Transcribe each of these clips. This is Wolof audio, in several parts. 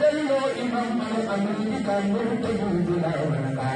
delloo imam al amin ka murtadi bila wala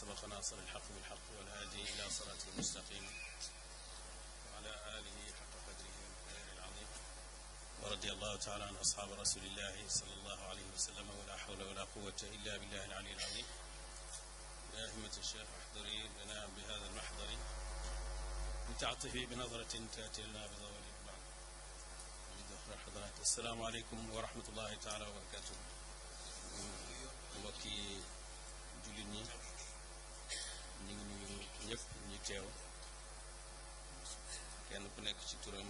سبق ناصر الحق بالحق والهادي إلى صراط المستقيم وعلى آله حق قدره والخير العظيم ورضي الله تعالى عن أصحاب رسول الله صلى الله عليه وسلم ولا حول ولا قوة إلا بالله العلي العظيم يا همة الشيخ احضري لنا بهذا المحضر لتعطفي بنظرة تأتي لنا بضوء الإقبال ولدخول الحضرات السلام عليكم ورحمة الله تعالى وبركاته وكي جلني teew kenn ku nekk ci turam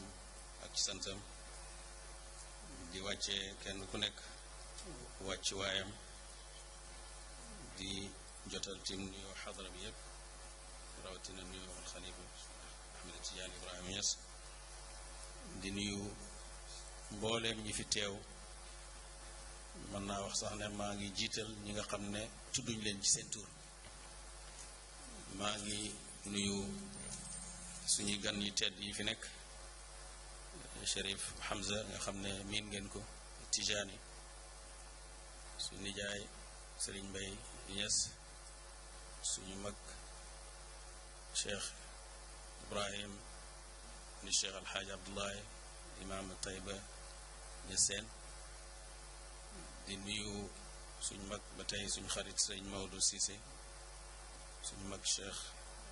ak ci santam di wàcce kenn ku nekk wàcc waayam di jotal tim nuyoo xadara bi yépp rawatina nuyoo alxalifa Ahmed Tidiane Ibrahima Niass di nuyu mbooleem ñi fi teew mën naa wax sax ne maa ngi jiital ñi nga xam ne tudduñ leen ci seen tur maa ngi nuyu suñuy gan yi tedd yi fi nekk Chérif Hamza nga xam ne miin ngeen ko Tijaani suñu nijaay Sëriñ Mbay Ñas suñu mag Cheikh Ibrahim ni Cheikh Alxaaji Abdoulaye Imaam Tayba Ñaseen di nuyu suñu mag ba tey suñu xarit Sëriñ Maodo Cissé suñu mag Cheikh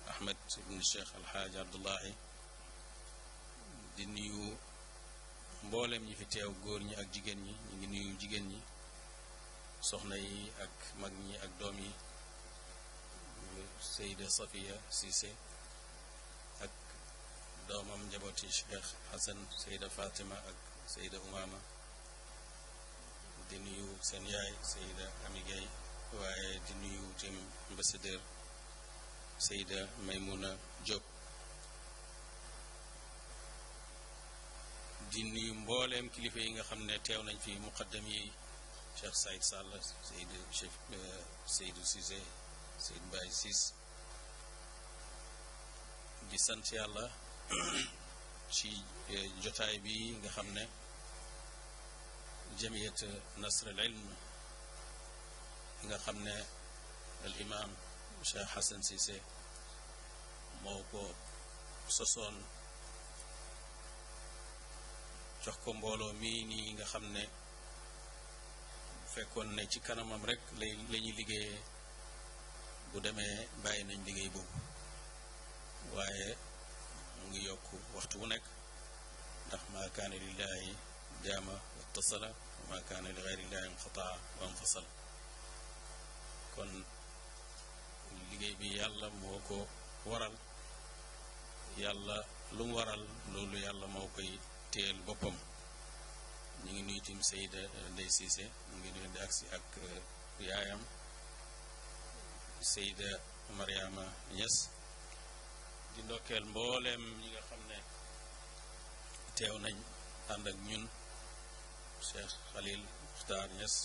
Ahmed ibn Cheikh Alxaaj Abdullahi di nuyu mboolem ñi fi teew góor ñi ak jigéen ñi ñu ngi nuyu jigéen ñi soxna yi ak mag ñi ak doom yi Seyda Safiya Cissé ak doomam njabooti Cheikh Hassan Seyda Fatima ak Seyda Umama di nuyu seen yaay Seyda Ami Gaye waaye di nuyu tim ambassadeur Seyda Maymuna Diop di nuyu mbooleem kilifa yi nga xam ne teew nañ fi muqaddam yi Cheikh Saïd Sall Seyd Cheikh Seydou Cissé Seyd Mbaye Ciss di sant yàlla ci jotaay bi nga xam ne jamiyat nasrul ilm nga xam ne al imam Syekh Hasan Sise moko sosoon jox ko mbooloo mii nii nga xam ne fekkoon ne ci kanamam rek lay la ñuy liggéeyee bu demee bàyyi nañ liggéey boobu waaye mu ngi yokk waxtu wu ndax maa kaana lillaahi jaama wattasala wa maa kaana li gayri wa infasala kon liggéey bi yàlla moo ko waral yàlla lu mu waral loolu yàlla moo koy téyel boppam ñu ngi nuy tim Seyda eh, Ndey Cissé mu ngi nuy di agsi ak eh, yaayam Seyda Mariama Niass di ndokkeel mbooleem ñi nga xam ne teew nañ ànd ak ñun Cheikh Khalil Muxtaar Niass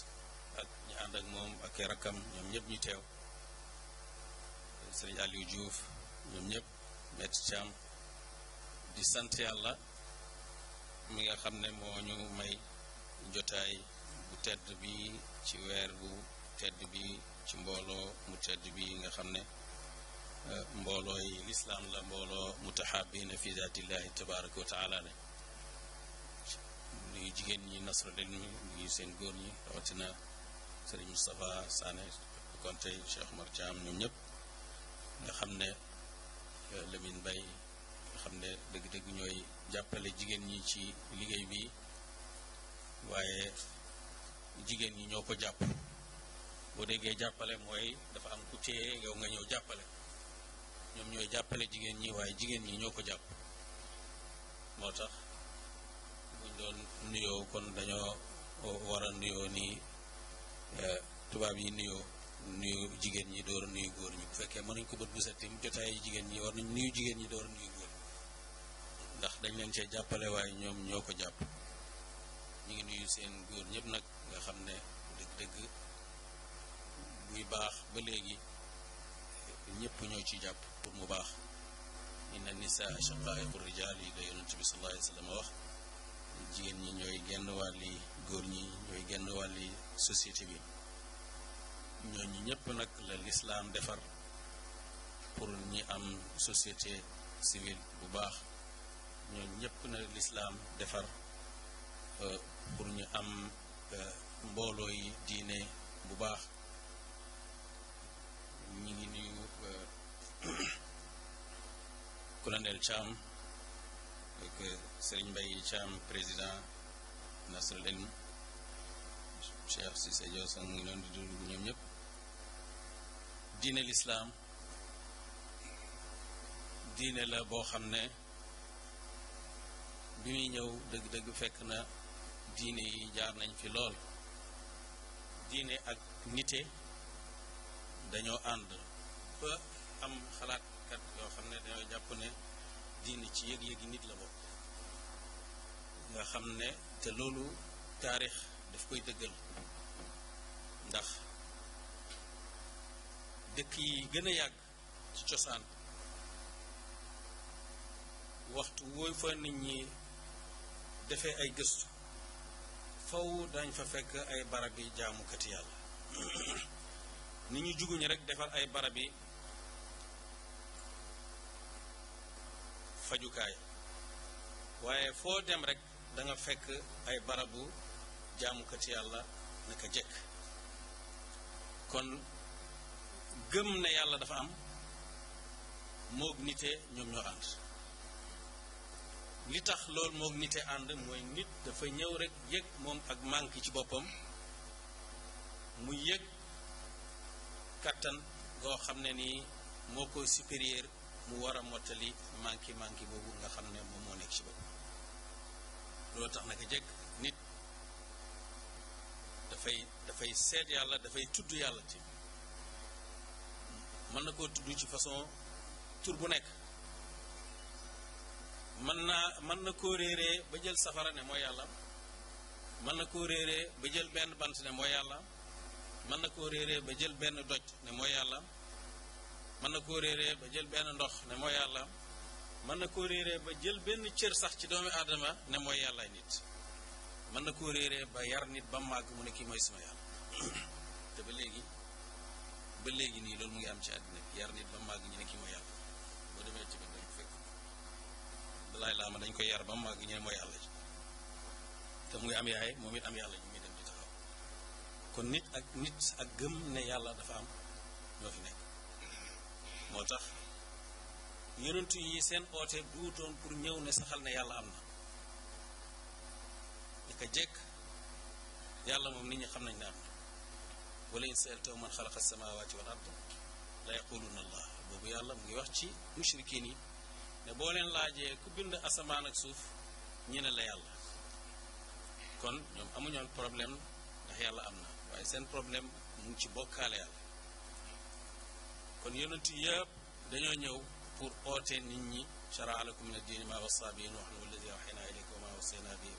ak ñi ànd ak moom ak rakam ñoom ñëpp ñu teew sëriñ Aliou Diouf ñoom ñëpp Maître Thiam di sant yàlla mi nga xam ne moo ñu may jotaay bu tedd bi ci weer bu tedd bi ci mbooloo mu tedd bi nga xam ne euh, mbooloo yi lislaam la mbooloo mutahabina fi zatillahi tabaraka wa taala ne nuyu jigéen ñi nasralil mi nuyu seen góor ñi rawatina sëriñ Moustapha Sané Konte Cheikh Omar Thiam ñoom ñëpp nga xam ne euh, Lamine bay nga xam ne dëgg-dëgg ñooy jàppale jigéen ñi ci liggéey bi waaye jigéen ñi ñoo ko jàpp boo déggee jàppale mooy dafa am ku yow nga ñëw jàppale ñoom ñooy jàppale jigéen ñi waaye jigéen ñi ñoo ko jàpp moo tax buñ doon nuyoo kon dañoo war a nuyoo nii euh, tubaab yi nuyoo nuyu jigéen ñi door a nuyu góor ñi bu fekkee nañ ko bët bu set tim jotaayu jigéen ñi war nañ nuyu jigéen ñi door a nuyu góor ndax dañ leen cee jàppale waaye ñoom ñoo ko jàpp ñu ngi nuyu seen góor ñëpp nag nga xam ne dëgg-dëgg muy baax ba léegi ñëpp ñoo ci jàpp pour mu baax inna nisaa shaqaa'iqu rijaal yi la yonent bi sallallahu alayhi wa sallam wax jigéen ñi ñooy genn wàlli góor ñi ñooy genn wàlli société bi ñooñu ñëpp nag la lislaam defar pour ñi am société civile bu baax ñooñu ñëpp na lislaam defar euh, pour ñu am euh, mbooloo yi diine bu baax ñu ngi nuyu euh, colonel Thiam ak Serigne Mbaye président Nasrul Ilm Cheikh Cissé Diop sax ngi doon di dund ñoom ñëpp diine lislaam diine la boo xam ne bi ñëw dëgg-dëgg fekk na diine yi jaar nañ fi lool diine ak nite dañoo ànd ba am xalaatkat yoo xam ne dañoo jàpp ne diine ci yëg-yëgi nit la bokk nga xam ne te loolu taarix daf koy dëggal ndax dëkk yi gën a yàgg ci cosaan waxtu wooy fa nit ñi defee ay gëstu faw dañ fa fekk ay barab yi jaamukati yàlla ni ñu juguñu rekk defar ay barab fajukaay waaye foo dem rekk danga fekk ay barabu jaamukati yàlla naka jekk kon gëm na yàlla dafa am moog nitee ñoom ñoo ànd li tax lool moog nitee ànd mooy nit dafa ñëw rekk yëg moom ak manque ci boppam mu yëg kàttan goo xam ne nii moo ko supérieur mu war a mottali manque manque boobu nga xam ne moom moo nekk ci boppam loolu tax naka jëkk nit dafay dafay seet yàlla dafay tudd yàlla ci man na koo tudd ci façon tour bu nek man na man na koo réeree ba jël safara ne mooy yalla man na koo réeree ba jël ben bant ne mooy yalla man na koo réeree ba jël ben doj ne mooy yalla man na koo réeree ba jël ben ndox ne mooy yalla man na koo réeree ba jël ben cieur sax ci doomi adama ne mooy yalla nit man na koo réeree ba yar nit ba mag mu ne ki moy sama yalla te ba legui ba léegi nii loolu mu ngi am ci àddina bi yar nit ba màgg ñi ne kii mooy yàlla boo demee ci ba dañ fekk Dalai ma dañ koy yar ba mu màgg ñu ne mooy yàlla ji te mu ngi am yaay moom it am yàlla ji muy dem di taxaw kon nit ak nit ak gëm yàlla dafa am ñoo fi nekk moo tax yonentu yi seen oote duutoon pour ñëw ne saxal ne yàlla am na li ko jekk yàlla moom nit ñi xam nañ ne am wala in saaltahu man xalaqa samaawaati wal ard la yaquluna allah boobu yàlla mu ngi wax ci mushrikiin yi ne boo leen laajee ku bind asamaan ak suuf ñu ne la yàlla kon ñoom amuñoon problème ndax yàlla am na waaye seen problème mu ci bokkaale yàlla kon yonent yëpp dañoo ñëw pour oote nit ñi shara lakum min ad-diini maa wasaa bihi nuuhan wallazii awxaynaa ilayka wa maa wasaynaa bihi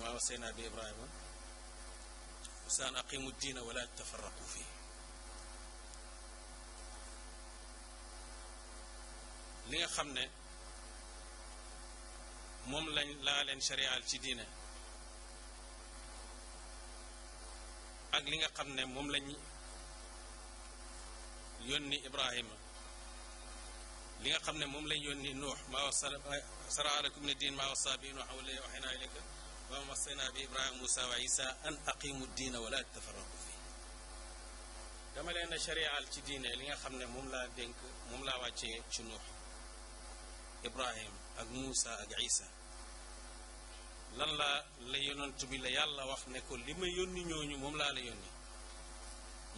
وما وصينا به إبراهيم موسى أن أقيموا الدين ولا تتفرقوا فيه li nga xam ne moom lañ laa leen sharial ci diine ak li nga xam ne moom lañ yónni ibrahima li nga xam ne moom lañ yónni nuux maa wasa sara alakum ne diin maa wasa bi nuux wala waxinaa ilayka wa wasaynaa bi ibrahima musa wa isa an aqimu diina wala tafarraqu fi dama leen a sharial ci diine li nga xam ne moom laa dénk moom laa wàcce ci nuux ibrahim ak musa ak isa lan la la yonent bi la yàlla wax ne ko li ma yónni ñooñu moom laa la yónni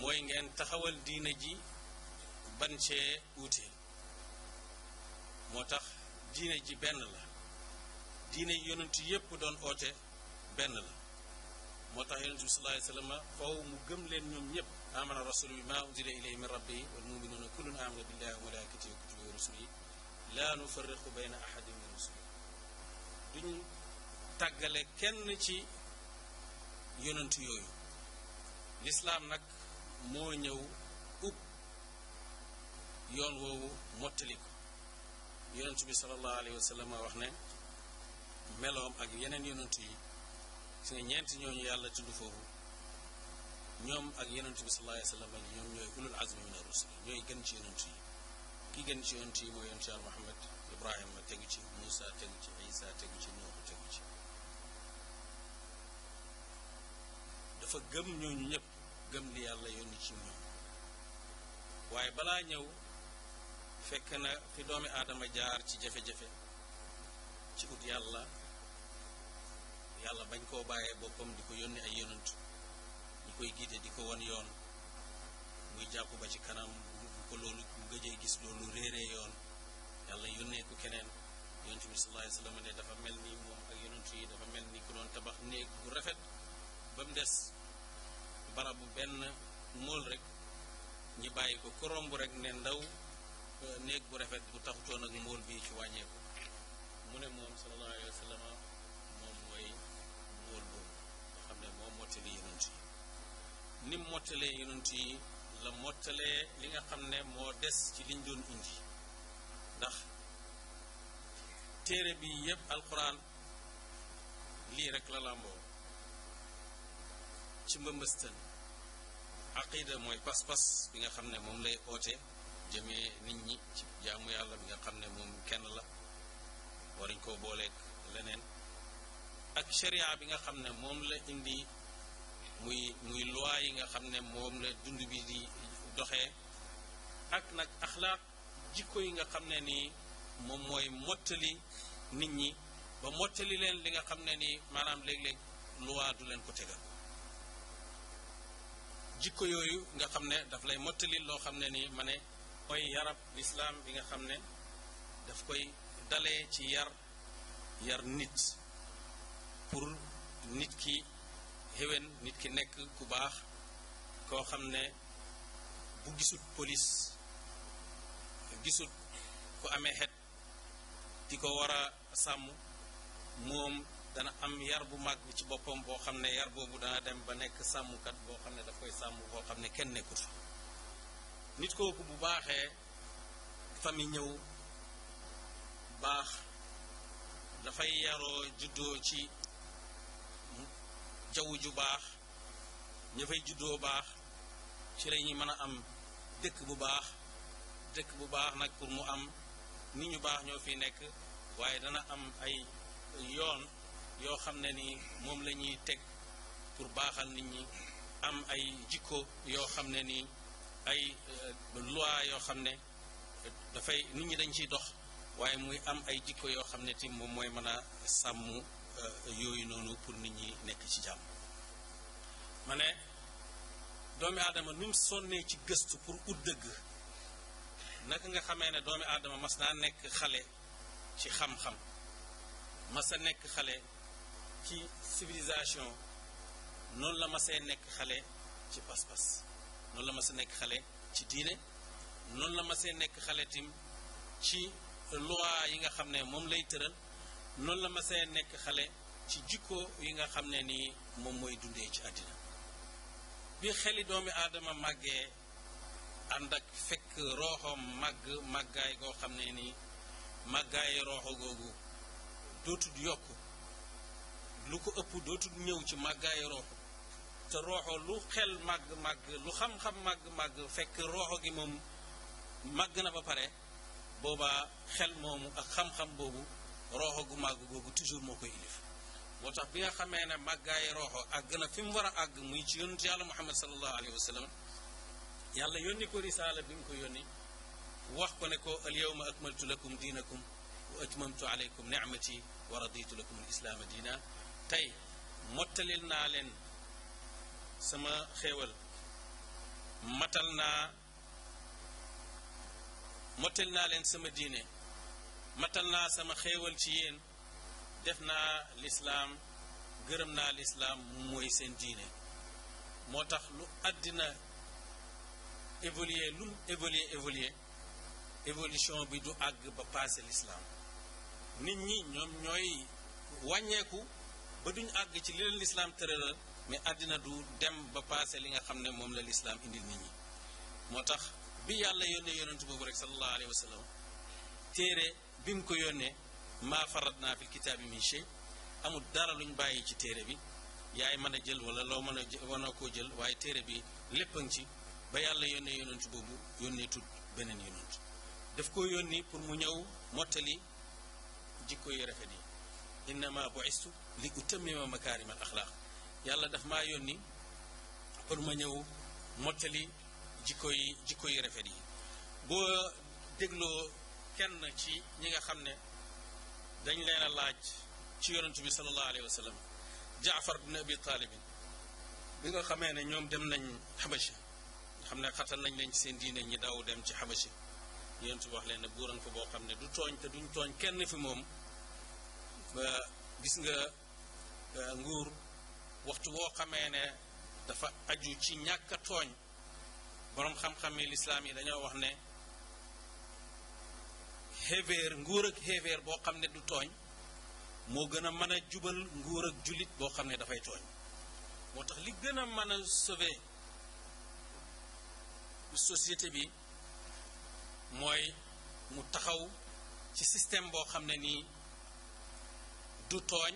mooy ngeen taxawal diina ji ban cee moo tax diina ji benn la diine yonent yépp doon oote benn la moo tax yonent bi sallallahu alayhi wa sallam faw mu gëm leen ñoom ñëpp amana rasul bi ma unzila ilayhi min rabbi wal muminuuna kullun amana billahi wa malaikatihi wa kutubihi wa rusulihi la nufarriqu bayna ahadin min rusuli duñ tàggale kenn ci yonent yooyu lislaam nag moo ñëw ub yoon woowu mottali ko yonent bi sallallahu alayhi wa sallam wax ne meloom ak yeneen yonent yi si nga ñeenti ñooñu yàlla tund foofu ñoom ak yonent bi sallallahu alayhi wa a ñoom ñooy ulul azmi min ar-rusul ñooy gën ci yonent yi ki gën ci yonent yi mooy yonent yàlla Muhammad Ibrahima tegu ci Moussa tegu ci Isa tegu ci Nuuh tegu ci dafa gëm ñooñu ñëpp gëm li yàlla yónni ci ñoom waaye balaa ñëw fekk na fi doomi aadama jaar ci jafe-jafe ci ut yàlla yàlla bañ koo bàyyee bopam di ko yónni ay yonent ñi koy diko di ko won yoon muy jàpp ba ci kanam ko loolu bu gëjee gis loolu réeree yoon yàlla yónnee ko keneen yonent bi sallallahu alayhi wasallam ne dafa mel ni moom ak yonent yi dafa mel ni ku tabax néeg bu rafet ba mu des barab bu benn mool rek ñi bàyyi ko ko rombu rek ne ndaw euh, néeg bu rafet bu taxutoon ak mool bii ci wàññeeku mu ne moom sallallahu alayhi wa sallam nim yonent yi ni mottalee yonent yi la mottalee li nga xam ne moo des ci liñ doon indi ndax téere bi yépp alxuraan lii rek la làmboo ci mbambëstan aqida mooy pas-pas bi nga xam ne moom lay oote jëme nit ñi ci jaamu yàlla bi nga xam ne moom kenn la waruñ koo booleeg leneen ak sharia bi nga xam ne moom la indi muy muy loi yi nga xam ne moom la dund bi di doxee ak nag axlaaq jikko yi nga xam ne nii moom mooy mottali nit ñi ba mottali leen li nga xam ne nii maanaam léeg-léeg loi leen ko tegal jikko yooyu nga xam ne daf lay mottali loo xam ne nii ma yarab lislaam bi nga xam ne daf koy dalee ci yar yar nit pour nit ki xéwén nit ki nekk ku baax koo xam ne bu gisut polis gisut ku amee xet di ko war a sàmm moom dana am yar bu mag ci boppam boo xam ne yar boobu dana dem ba nekk sàmmkat boo xam ne daf koy sàmm boo xam ne kenn nekkut fa nit kooku bu baaxee fami ñëw baax dafay yaroo juddoo ci jaww ju baax ña fay juddoo baax ci la ñuy mën a am dëkk bu baax dëkk bu baax nag pour mu am nit ñu baax ñoo fi nekk waaye dana am ay yoon yoo xam ne nii moom la ñuy teg pour baaxal nit ñi am ay jikko yoo xam ne nii ay euh, loi yoo xam ne dafay nit ñi dañ ciy dox waaye muy am ay jikko yoo xam ne ti moom mooy mën a sàmm Euh, yooyu noonu pour nit ñi nekk ci jàmm ma ne doomi aadama nu mu sonnee ci gëstu pour ut dëgg naka nga xamee ne doomi aadama mas naa nekk xale ci xam-xam mas a nekk xale ci civilisation noonu la masee nekk xale ci pas noonu la mas a nekk xale ci diine noonu la masee nekk xale tim ci loi yi nga xam ne moom lay tëral noonu la ma see nekk xale ci jikko yi nga xam ne ni moom mooy dundee ci àddina bi xeli doomi aadama màggee ànd ak fekk rooxoom màgg màggaay goo xam ne ni màggaayi rooxo googu dootul yokk lu ko ëpp dootul ñëw ci màggaayi rooxo te rooxo lu xel màgg màgg lu xam-xam màgg màgg fekk rooxo gi moom màgg na ba pare boobaa xel moomu ak xam-xam boobu roho gu mag gogu toujours moo koy ilif motax bi nga xamé ne magay roho àgg na fim wara ag muy ci yonent yàlla muhammad salallahu alayhi wa sallam yàlla yoni ko risala bim ko yoni wax ko ne ko al yawma akmaltu lakum dinakum wa atmamtu alaykum ni'mati wa raditu lakum al islam diina tay motalil na len sama xewal matal naa mottal sama dine matal naa sama xéewal ci yéen def naa lislaam gërëm naa lislaam mooy seen diine moo tax lu àddina évoluer lu évoluer évoluer évolution bi du àgg ba passé lislaam nit ñi ñoom ñooy wàññeeku ba duñ àgg ci li leen lislaam tëralal mais àddina du dem ba passé li nga xam ne moom la lislaam indil nit ñi moo tax bi yàlla yónnee yonentu boobu rek sallallahu alayhi wa sallam téere bi mu ko yónnee maa farat naa fil kitaabi min shay amul dara luñ bàyyi ci téere bi yaay man a jël wala loo mën a mën a koo jël waaye téere bi lépp a ngi ci ba yàlla yónnee yonent boobu yónnee tut beneen yonent daf ko yónni pour mu ñëw mottali jikko yu rafet yi innama bu'istu li utammima makaarima al axlaaq yàlla daf maa yónni pour ma ñëw mottali jikko yi jikko yu rafet yi boo dégloo kenn ci ñi nga xam ne dañ leen laaj ci yonentu bi sallallahu alayhi wa sallam jaafar bin abi taalibin bi nga xamee ne ñoom dem nañ xabashi xam ne xatal nañ leen ci seen diine ñi daw dem ci xabashi yonentu bi wax leen ne buuran fa boo xam ne du tooñ te duñ tooñ kenn fi moom gis nga nguur waxtu woo xamee ne dafa aju ci ñàkk a tooñ boroom xam-xam yi lislaam dañoo wax ne xéeféer nguur ak xéeféer boo xam ne du tooñ moo gën a mën a jubal nguur ak jullit boo xam ne dafay tooñ moo tax li gën a mën a sauver société bi mooy mu taxaw ci système boo xam ne nii du tooñ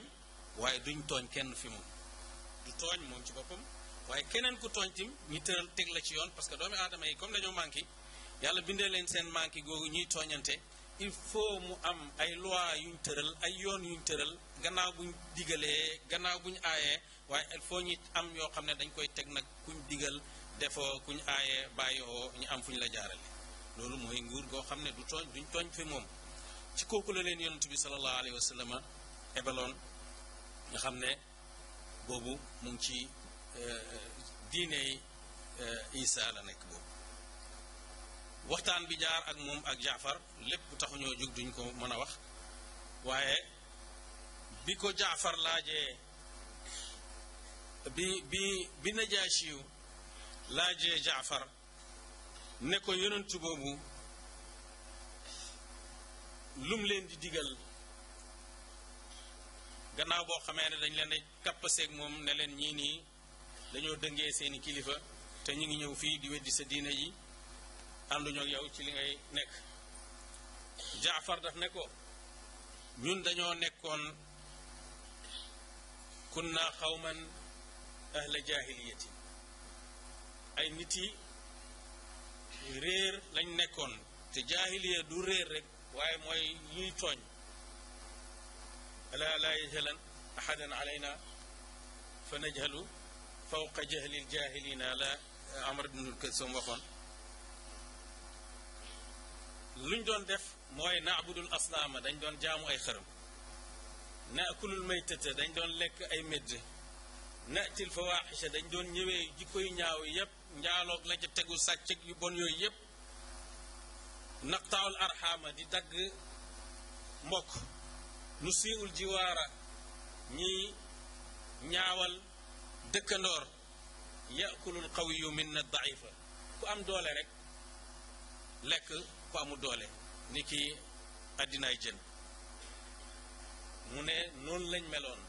waaye duñ tooñ kenn fi mu du tooñ moom ci boppam waaye keneen ku tooñ tim ñi tëral teg la ci yoon parce que doomi aadama yi comme dañoo manqué yàlla bindee leen seen manqué googu ñuy tooñante il faut mu am ay loi yuñ tëral ay yoon yuñ tëral gannaaw buñ digalee gannaaw buñ aayee waaye il faut am yoo xam ne dañ koy teg nag kuñ digal defoo kuñ aayee bàyyiwoo ñu am fuñ la jaarale loolu mooy nguur goo xam ne du tooñ duñ tooñ fi moom ci kooku la leen yonent bi sallallahu alayhi wa sallam ebaloon nga xam ne boobu mu ngi ci euh, diine yi euh, la nekk boobu waxtaan bi jaar ak moom ak jaafar lépp taxuñoo jug duñ ko mën a wax waaye bi ko jaafar laajee bi bi bi najaashiw laajee jaafar ne ko yonentu boobu lum leen di digal gannaaw boo xamee ne dañ leen di kappaseeg moom ne leen ñii nii dañoo dëngee seeni kilifa te ñu ngi ñëw fii di weddi sa diine yi andu ñok yow ci li ngay nek jaafar daf ne ko ñun dañoo nekkoon kunna xawman ahla jahiliyati ay nit yi réer lañ nekkoon te jahiliya du réer rek waaye mooy ñuy tooñ ala la yajhalan ahadan alayna fa najhalu fawqa jahli ljahilina la amar ibnul kasum waxoon luñ doon def mooy naabudul aslaama dañ doon jaamu ay xërëm naakulul maytata dañ doon lekk ay médd natil fawaaxisha dañ doon ñëwee jikkoy ñaaw yépp njaaloog la ca tegu sàccëg yu bon yooyu yépp naqtaawul arxaama di dagg mbokk nu siiwul jiwaara ñiy ñaawal dëkkandoor yaakulul qawiyu minna daifa ku am doole rek lekk ku doole ni ki àddinaay jën mu ne noonu lañ meloon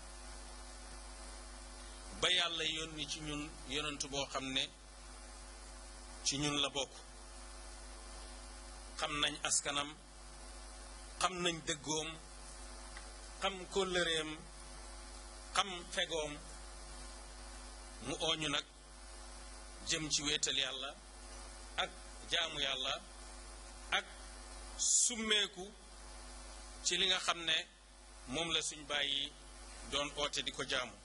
ba yàlla yónni ci ñun yonentu boo xam ne ci ñun la bokk xam nañ askanam xam nañ dëggoom xam kóllëreem xam fegoom mu ooñu nag jëm ci wéetal yàlla ak jaamu yàlla summeeku ci li nga xam ne moom la suñ bàyyi doon oote di ko jaamu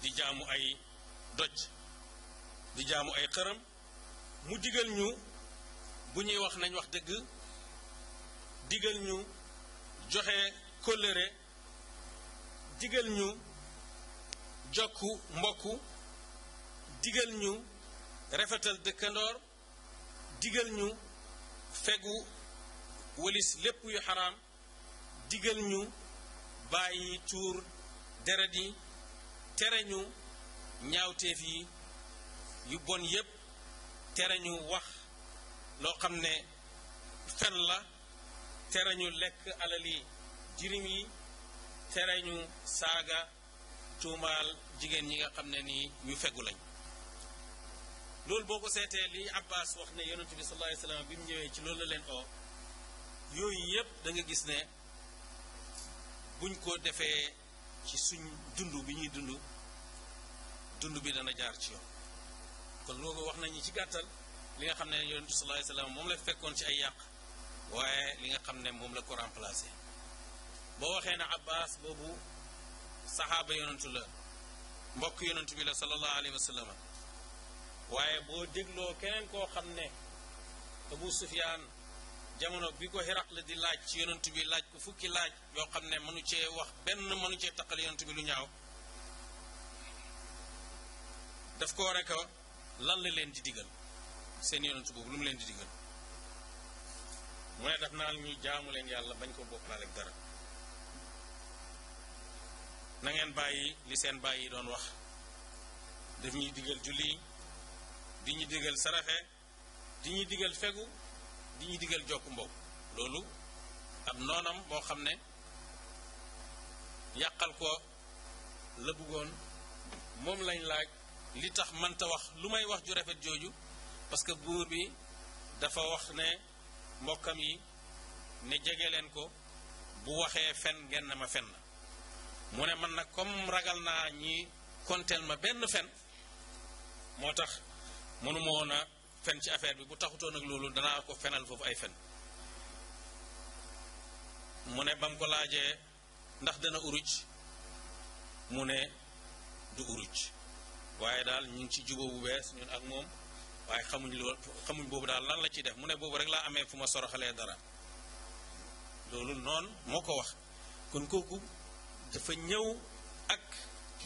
di jaamu ay doj di jaamu ay xërëm mu digal ñu bu ñuy wax nañ wax dëgg digal ñu joxe kóllëre digal ñu jokku mbokku digal ñu rafetal dëkkandoor digal ñu fegu wëlis lépp yu xaraam digal ñu bàyyi tuur deret yi tere ñu ñaawteef yi yu bon yépp tere ñu wax loo xam ne fen la tere ñu lekk alali jirim yi tere ñu saaga tuumaal jigéen ñi nga xam ne nii ñu fegu lañ loolu boo ko seetee li abbas wax ne yonent bi sallallahu alayhi wasallam bi mu ñëwee ci loolu la leen oo yooyu yëpp da nga gis ne buñ ko defee ci suñ dund bi ñuy dund dund bi dana jaar ci yoon kon loolu wax nañu ci gàttal li nga xam ne yonent bi sallallahu alayhi wasallam moom la fekkoon ci ay yàq waaye li nga xam ne moom la ko remplacé boo waxee ne abbas boobu saxaaba yonentu la mbokk yonentu bi la sallallahu alayhi wasallam waaye boo dégloo keneen koo xam ne Abu Sufyaan jamono bi ko Hiraql di laaj ci yonent bi laaj ko fukki laaj yoo xam ne mënu cee wax benn mënu cee taqal yonent bi lu ñaaw daf ko rek lan la leen di digal seen yonent boobu lu mu leen di digal mu ne daf naa ñu jaamu leen yàlla bañ ko bokkaale ak dara na ngeen bàyyi li seen bàyyi doon wax def ñuy digal julli di ñu digal saraxe di ñu digal fegu di ñu digal jokk mbokk loolu ab noonam boo xam ne yàqal ko la bëggoon moom lañ laaj li tax mënta wax lu may wax ju rafet jooju parce que buur bi dafa wax ne mbokkam yi ne jege leen ko bu waxee fen ngeen ma fen na mu ne mën na comme ragal naa ñi konteel ma benn fen moo tax mënu woon a fen ci affaire bi bu taxutoon ak loolu dana ko fenal foofu ay fen mu ne bam mu ko laajee ndax dana uruj mu ne du uruj waaye daal ñu ngi ci jubóo bu bees ñun ak moom waaye xamuñ loolu xamuñ boobu daal lan la ciy def mu ne boobu rek laa amee fu ma soroxalee dara loolu noon moo ko wax kon kooku dafa ñëw ak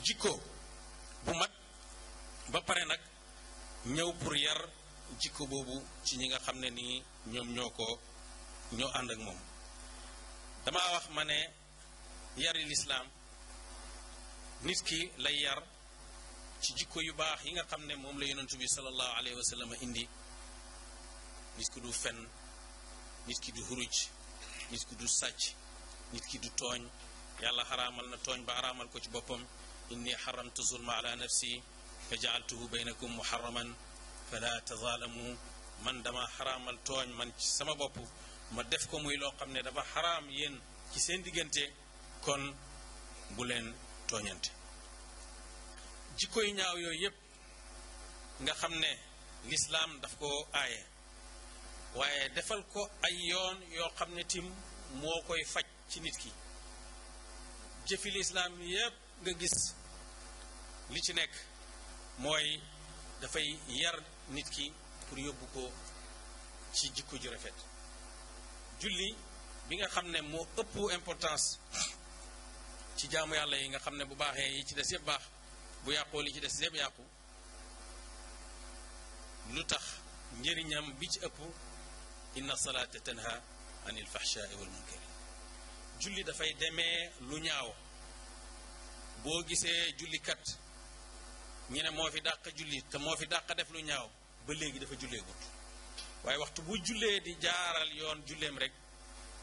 jikko bu mat ba pare nag ñëw pour yar jikko boobu ci ñi nga xam ne nii ñoom ñoo ko ñoo ànd ak moom dama wax ma ne yari lislaam nit ki lay yar ci jikko yu baax yi nga xam ne moom la yonentu bi sallallahu alayhi wa indi nit ki du fen nit ki du xuruj nit ki du sàcc nit ki du tooñ yàlla xaraamal na tooñ ba araamal ko ci boppam inni xaramtu zulma ala nafsi fa jaaltuhu baynakum muharraman fala tazaalamu man dama xaraamal tooñ man ci sama bopp ma def ko muy loo xam ne dafa xaraam yéen ci seen diggante kon bu leen tooñante jikkoy ñaaw yooyu yépp nga xam ne lislaam daf ko aaye waaye defal ko ay yoon yoo xam ne tim moo koy faj ci nit ki jëfi lislaam yépp nga gis li ci nekk mooy dafay yar nit ki pour yóbbu ko ci jikko ju rafet julli bi nga xam ne moo ëpp importance ci jaamu yàlla yi nga xam ne bu baaxee yi ci des yëpp baax bu yàqoo li ci des yëpp yàqu lu tax njëriñam bi ci ëpp inna salaata tanha anil fahshaai wal munkari julli dafay demee lu ñaaw boo gisee jullikat ñu ne moo fi dàq julli te mo fi dàq def lu ñaaw ba legi dafa julle gut waye waxtu bu julle di jaaral yoon jullem rek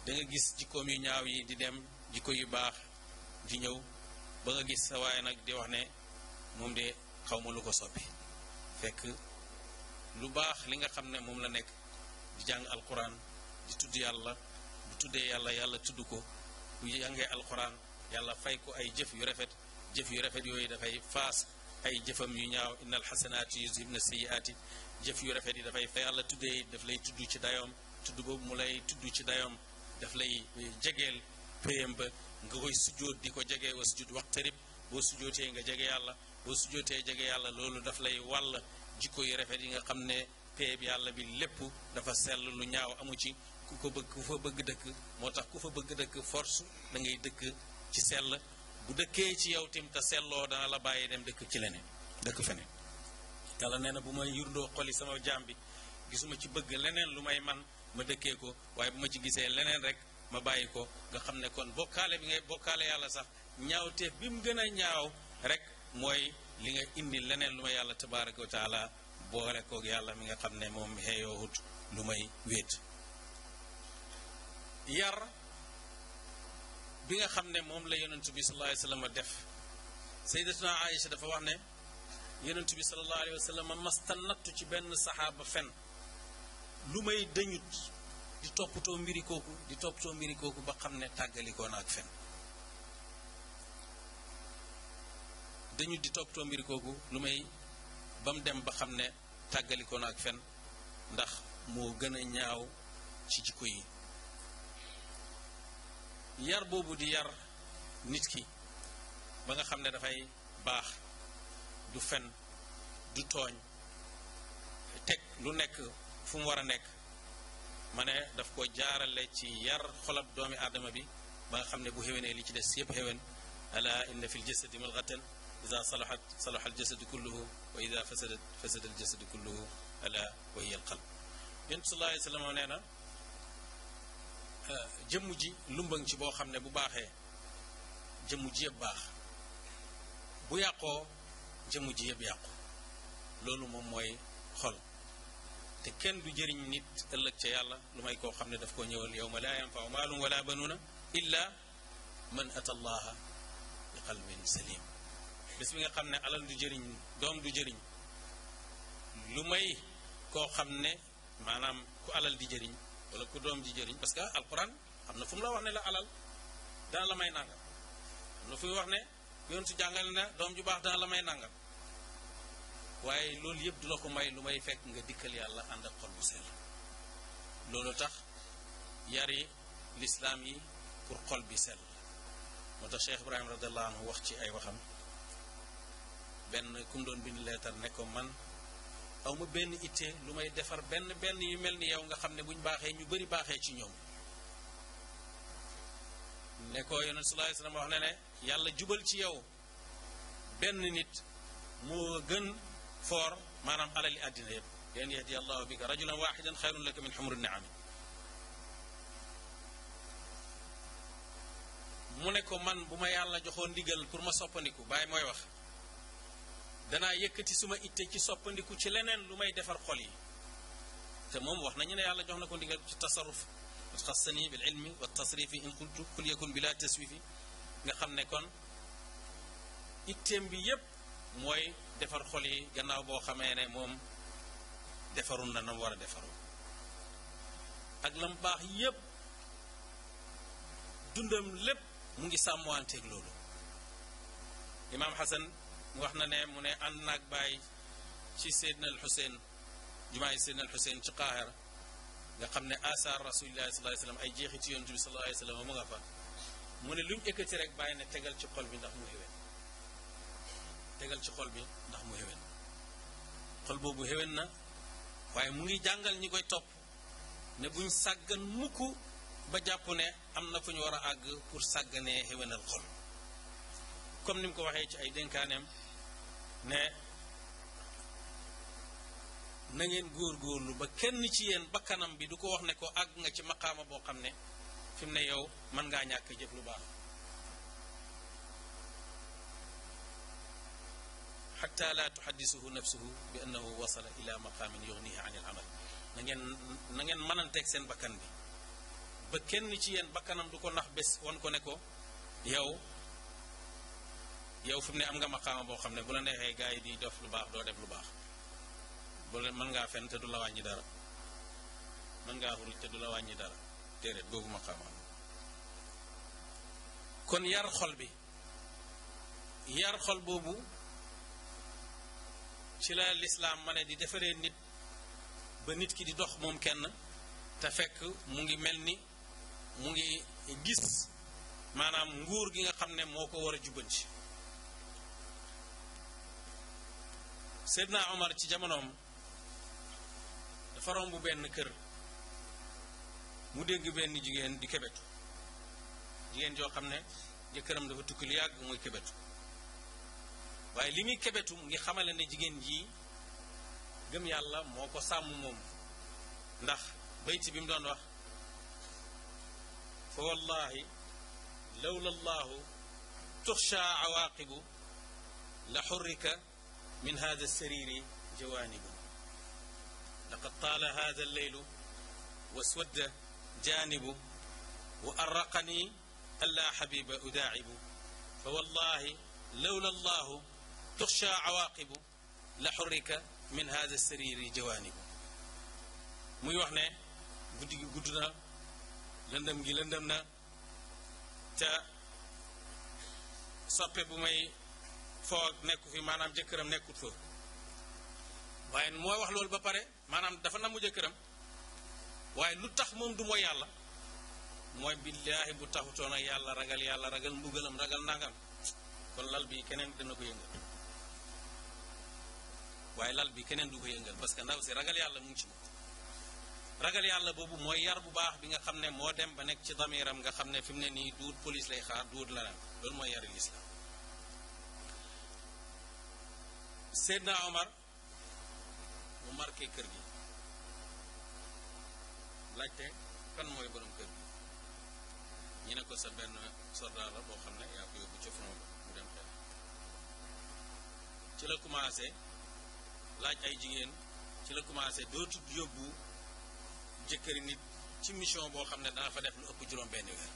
da nga gis jikkoom yu ñaaw yi di dem jikko yu baax di ñew ba nga gis sa waaye nak di wax ne mom de xawma lu ko soppi fekk lu baax li nga xamne mom la nek di jang alquran di tudd yalla bu tudde yalla yalla tuddu ko bu yange alquran yalla fay ko ay jëf yu rafet jëf yu rafet da fay fas ay jëfam yu ñaaw inna alxasanaati yuzhibna sayyiaati jëf yu rafet yi dafay fa yàlla tuddee daf lay tudd ci dayoom tudd boobu mu lay tudd ci dayoom daf lay jegeel péyam ba nga koy sujjóot di ko jege wa sujjóot waqtarib boo sujjóotee nga jege yàlla boo sujjóotee jege yàlla loolu daf lay wàll jikko yu rafet yi nga xam ne péeb yàlla bi lépp dafa sell lu ñaaw amu ci ku ko bëgg ku fa bëgg dëkk moo tax ku fa bëgg dëkk force da ngay dëkk ci sell bu dëkkee ci yow tim te selloo dana la bàyyi dem dëkk ci leneen dëkk feneen yàlla nee na bu may yurdoo xoli sama jaam bi gisuma ci bëgg leneen lu may man ma dëkkee ko waaye bu ma ci gisee leneen rek ma bàyyi ko nga xam ne kon bokkaale bi ngay bokkaale yàlla sax ñaawteef bi mu gën a ñaaw rek mooy li nga indi leneen lu ma yàlla tabaraka wa taala boole koog yàlla mi nga xam ne moom xeeyoohut lu may wéet yar bi nga xam ne moom la yonent bi sallallahu alayhi wa sallam def sayyidatuna dafa wax ne yonent bi sallallahu masta nattu ci benn saxaaba fen lu may dëñut di toppatoo mbiri kooku di toppatoo mbiri ba xam ne tàggalikoo ak fen dañu di toppatoo mbiri kooku lu may ba mu dem ba xam ne tàggalikoo na ak fen ndax moo gën a ñaaw ci jikko yi yar boobu di yar nit ki ba nga xam ne dafay baax du fen du tooñ teg lu nekk fu mu war a nekk daf ko jaarale ci yar xolab doomi aadama bi ba nga xam ne bu xéwénee li ci des yëpp xéwén ala inna fi ljasadi mudgatan ida salaxat salaxa aljasadu kulluhu wa ida fasadat fasada aljasadu kulluhu ala wa hiya alqalb yonent sallallahu alayhi wa jëmuji lumbang ci bo xamne bu baxé jëmuji yeb bax bu yaqo jëmuji yeb yaqo lolu mom moy xol te kenn du jëriñ nit ëlëk ci yàlla lu may koo xam daf ko ñëwal yawma la yanfa malun wala banuna illa man ata allaha bi qalbin salim bis bi nga xamne alal du jëriñ doom du jëriñ lu may koo xam ku alal di jëriñ wala ku doom ji jëriñ parce que alquran amna fum la wax ne la alal da la may nangal lu fi wax ne yoon su jangal na doom ju bax da la may nangal waye lool yeb dula ko may lu may nga dikkel yalla and ak xol bu sel tax yari l'islam yi pour xol bi sel moo cheikh ibrahim radhiyallahu anhu wax ci ay waxam ben kum doon bind ne ko man aw ma benn itte lu may defar benn benn yu mel ni yow nga xam ne buñ baaxee ñu bëri baaxee ci ñoom ne ko yonent salaay salaam wax ne ne yàlla jubal ci yow benn nit moo gën foor maanaam alali àddina yëpp leen yahdi allahu bika rajulan waxidan xayrun laka min xumri naami mu ne ko man bu ma yàlla joxoon ndigal pour ma soppandiku bàyyi mooy wax danaa yëkkati suma itte ci soppandiku ci leneen lu may defar xol yi te moom wax nañu ne yàlla jox na ko ndigal ci tasarruf xassani bil ilmi wa tasrifi in qultu kul yakun bila taswifi nga xam ne kon itteem bi yépp mooy defar xol yi gannaaw boo xamee ne moom defarul na nam war a defaru ak lam baax yépp dundam lépp mu ngi sàmmanteeg loolu imaam Xasan wax na ne mu ne ànd naag bàyyi ci Seydina al Xuseyn jumaay Seydina al Xuseyn ci Qaahira nga xam ne asaar rasulillahi sallallahu alayhi wa sallam ay jeexi ci yonent bi sallallahu alayhi wa sallam mu nga fa mu ne lu ñu ëkkati rek bàyyi ne tegal ci xol bi ndax mu xéwén tegal ci xol bi ndax mu xéwén xol boobu xéwén na waaye mu ngi jàngal ñi koy topp ne buñ sàggan mukk ba jàpp ne am na fu ñu war a àgg pour sàgganee xéwénal xol comme ni mu ko waxee ci ay dénkaaneem ne na ngeen góorgóorlu ba kenn ci yéen bakkanam bi du ko wax ne ko àgg nga ci maqaama boo xam ne fi mu ne yow mën ngaa ñàkk jëf lu baax xatta la tuxaddisuhu nafsuhu bi annahu wasala ila maqaamin yugnihi an il amal nangeen ngeen na ngeen seen bakkan bi ba kenn ci yéen bakkanam du ko nax bés won ko ne ko yow yow fi mu ne am nga maqaama boo xam ne bu la neexee gars yi di def lu baax doo def lu baax bu la mën ngaa fen te du la wàññi dara mën ngaa xuruj te la wàññi dara déedéet googu maqaama kon yar xol bi yar xol boobu ci la lislaam ma ne di defaree nit ba nit ki di dox moom kenn te fekk mu ngi mel ni mu ngi gis maanaam nguur gi nga xam ne moo ko war a jubbanti Seydina Omar ci jamonoom dafa romb benn kër mu dégg benn jigéen di kebetu jigéen joo xam ne jëkkëram dafa tukki lu yàgg muy kebetu waaye li muy kebetu mu ngi xamale ne jigéen ji gëm yàlla moo ko sàmm moom ndax bayti bim doon wax fa wallahi lawla allahu tuxsha awaaqibu la xurrika من هذا السرير جوانب لقد طال هذا الليل واسود جانب وأرقني ألا حبيب أداعب فوالله لولا الله تخشى عواقب لحرك من هذا السرير جوانب مي وحنا ne guddi gi gudd na lëndëm gi foo nekku fi maanaam jëkkëram nekkut fa waaye moo wax loolu ba pare maanaam dafa mu jëkkëram waaye lu tax moom du mooy yàlla mooy billaahi bu taxutoon ak yàlla ragal yàlla ragal mbugalam ragal nangam kon lal bi keneen dina ko yëngal waaye lal bi keneen du ko yëngal parce que ndaw si ragal yàlla mu ngi ci moom ragal yàlla boobu mooy yar bu baax bi nga xam ne moo dem ba nekk ci damiram nga xam ne fi mu ne nii duut police lay xaar duut la loolu mooy yari naa Omar mu marqué kër gi laajte kan mooy borom kër gi ñu ne ko sa benn soldat boo xam ne yaa ko yóbbu ci front mu dem xeex ci la commencé laaj ay jigéen ci la commencé dootu yóbbu jëkkëri nit ci mission boo xam ne dana fa def lu ëpp juróom benn weer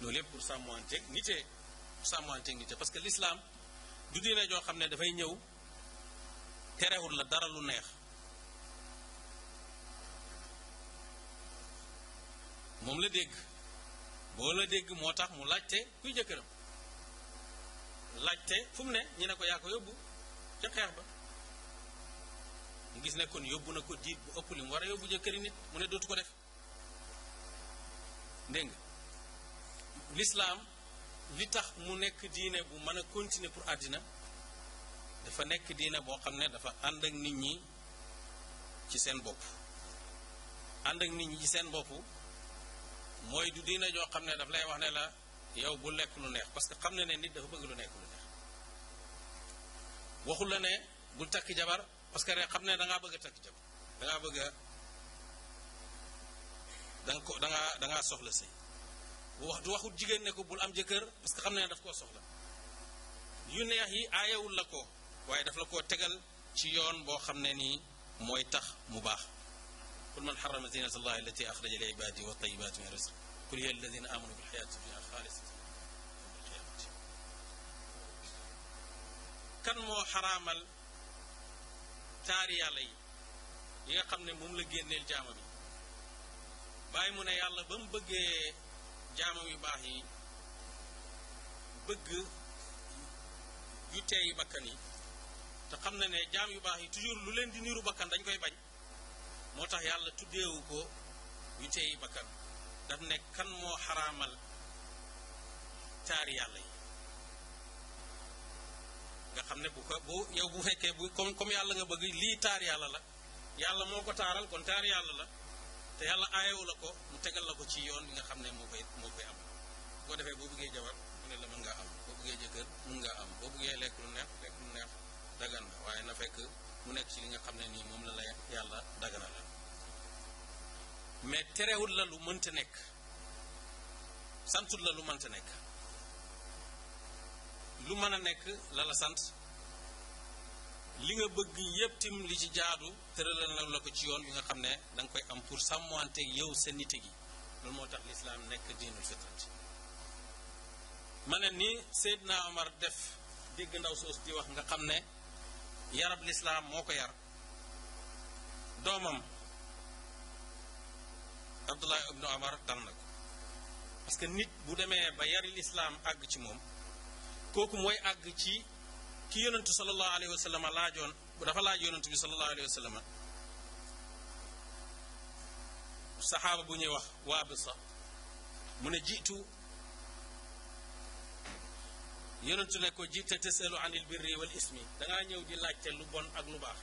loolu yëpp pour sàmmanteeg nite pour sàmmanteeg nite parce que lislaam du diine joo xam ne dafay ñëw terewul la dara lu neex moom la dégg boo la dégg moo tax mu laajte kuy jëkkëram laajte fu ne ñu ne ko yaa ko yóbbu ca xeex ba mu gis ne kon yóbbu na ko diit bu ëpp li mu war a yóbbu jëkkëri nit mu ne dootu ko def dégg nga lislaam li tax mu nekk diine bu mën a continuer pour àddina dafa nek diine boo xam ne dafa ànd ak nit ñi ci seen bopp ànd ak nit ñi ci seen bopp mooy du diine joo xam ne daf lay wax ne la yow bu lekk lu neex parce que xam ne nit dafa bëgg lu nekk lu neex waxul la ne bul takk jabar parce que rek xam ne da ngaa bëgg a takk jabar da ngaa bëgg a da ko da nga da ngaa soxla sëy bu wax du waxut jigéen ne ko bul am jëkkër parce que xam ne daf koo soxla yu neex yi aayewul la ko waaye daf la koo tegal ci yoon boo xam ne nii mooy tax mu baax qul man xarama zinata allahi allati axraja li ibadi wa tayibat min rizq qul hiya alladina amanu bil xayati dunia xaalisatan qiyamati kan moo xaraamal taar yàlla yi nga xam ne la génneel jaama bi bàyyi mu ne yàlla ba mu bëggee yu baax yi bëgg yu teey bakkan te xam na ne jaam yu baax yi toujours lu leen di niiru bakkan dañ koy bañ moo tax yàlla tuddeewu ko yu teyi bakkan daf ne kan moo xaraamal taari yàlla yi nga xam ne bu ko bu yow bu fekkee bu comme yàlla nga bëgg lii taar yàlla la yàlla moo ko taaral kon taar yàlla la te yàlla aayewu la ko mu tegal la ko ci yoon bi nga xam ne moo koy moo koy am bu defee boo bëggee jabar mu ne la mën ngaa am boo bëggee jëkkër mën ngaa am boo bëggee lekk lu neex lekk lu dagan na waaye na fekk mu nekk ci li nga xam ne nii moom la la yàlla dagana la mais terewul la lu mënta nekk santul la lu mënta nekk lu mën a nekk la la sant li nga bëgg yépp tim li ci jaadu tëralal na la ko ci yoon wi nga xam ne danga nga koy am pour sàmmante yow seen nite gi loolu moo tax lislaam nekk diinul fitrati ma ne ni Seydina Omar def dégg ndaw soos di wax nga xam ne yarab lislaam moo ko yar doomam abdullah ibnu omar dal na ko parce que nit bu demee ba yari lislaam àgg ci moom kooku mooy àgg ci ki yonentu sallallahu alayhi wa sallam laajoon bu dafa laaj yonentu bi sallallahu alayhi wa saxaaba bu ñuy wax waa bi sax mu ne jiitu yonentu ne ko jiite tasalu an il birri wal ismi dangaa ñëw di laajte lu bon ak lu baax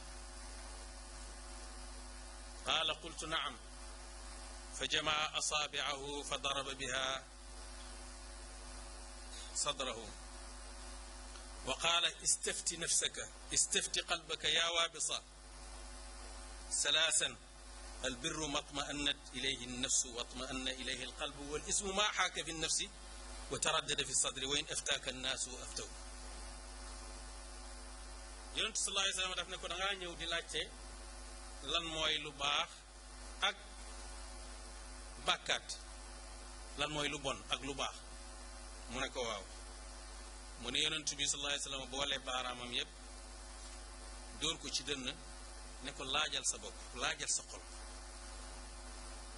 qaala qultu naam fa jamaa asaabicahu fa daraba biha sadrahu wa qaala istafti nafsaka istafti qalbaka yaa waabisa salaasan البر ما اطمأنت إليه النفس واطمأن إليه القلب والإسم ما حاك في النفس wa taraddada fi sadri wa in aftaaka nnaasu aftaw yonent sallallahu alayhi wa sallam daf ne ko da ñëw di laajte lan mooy lu baax ak bàkkaat lan mooy lu bon ak lu baax mu ne ko waaw mu ne yonent bi sallallahu alayhi wa sallam boole baaraamam dóor ko ci dënn ne laajal sa bopp laajal sa xol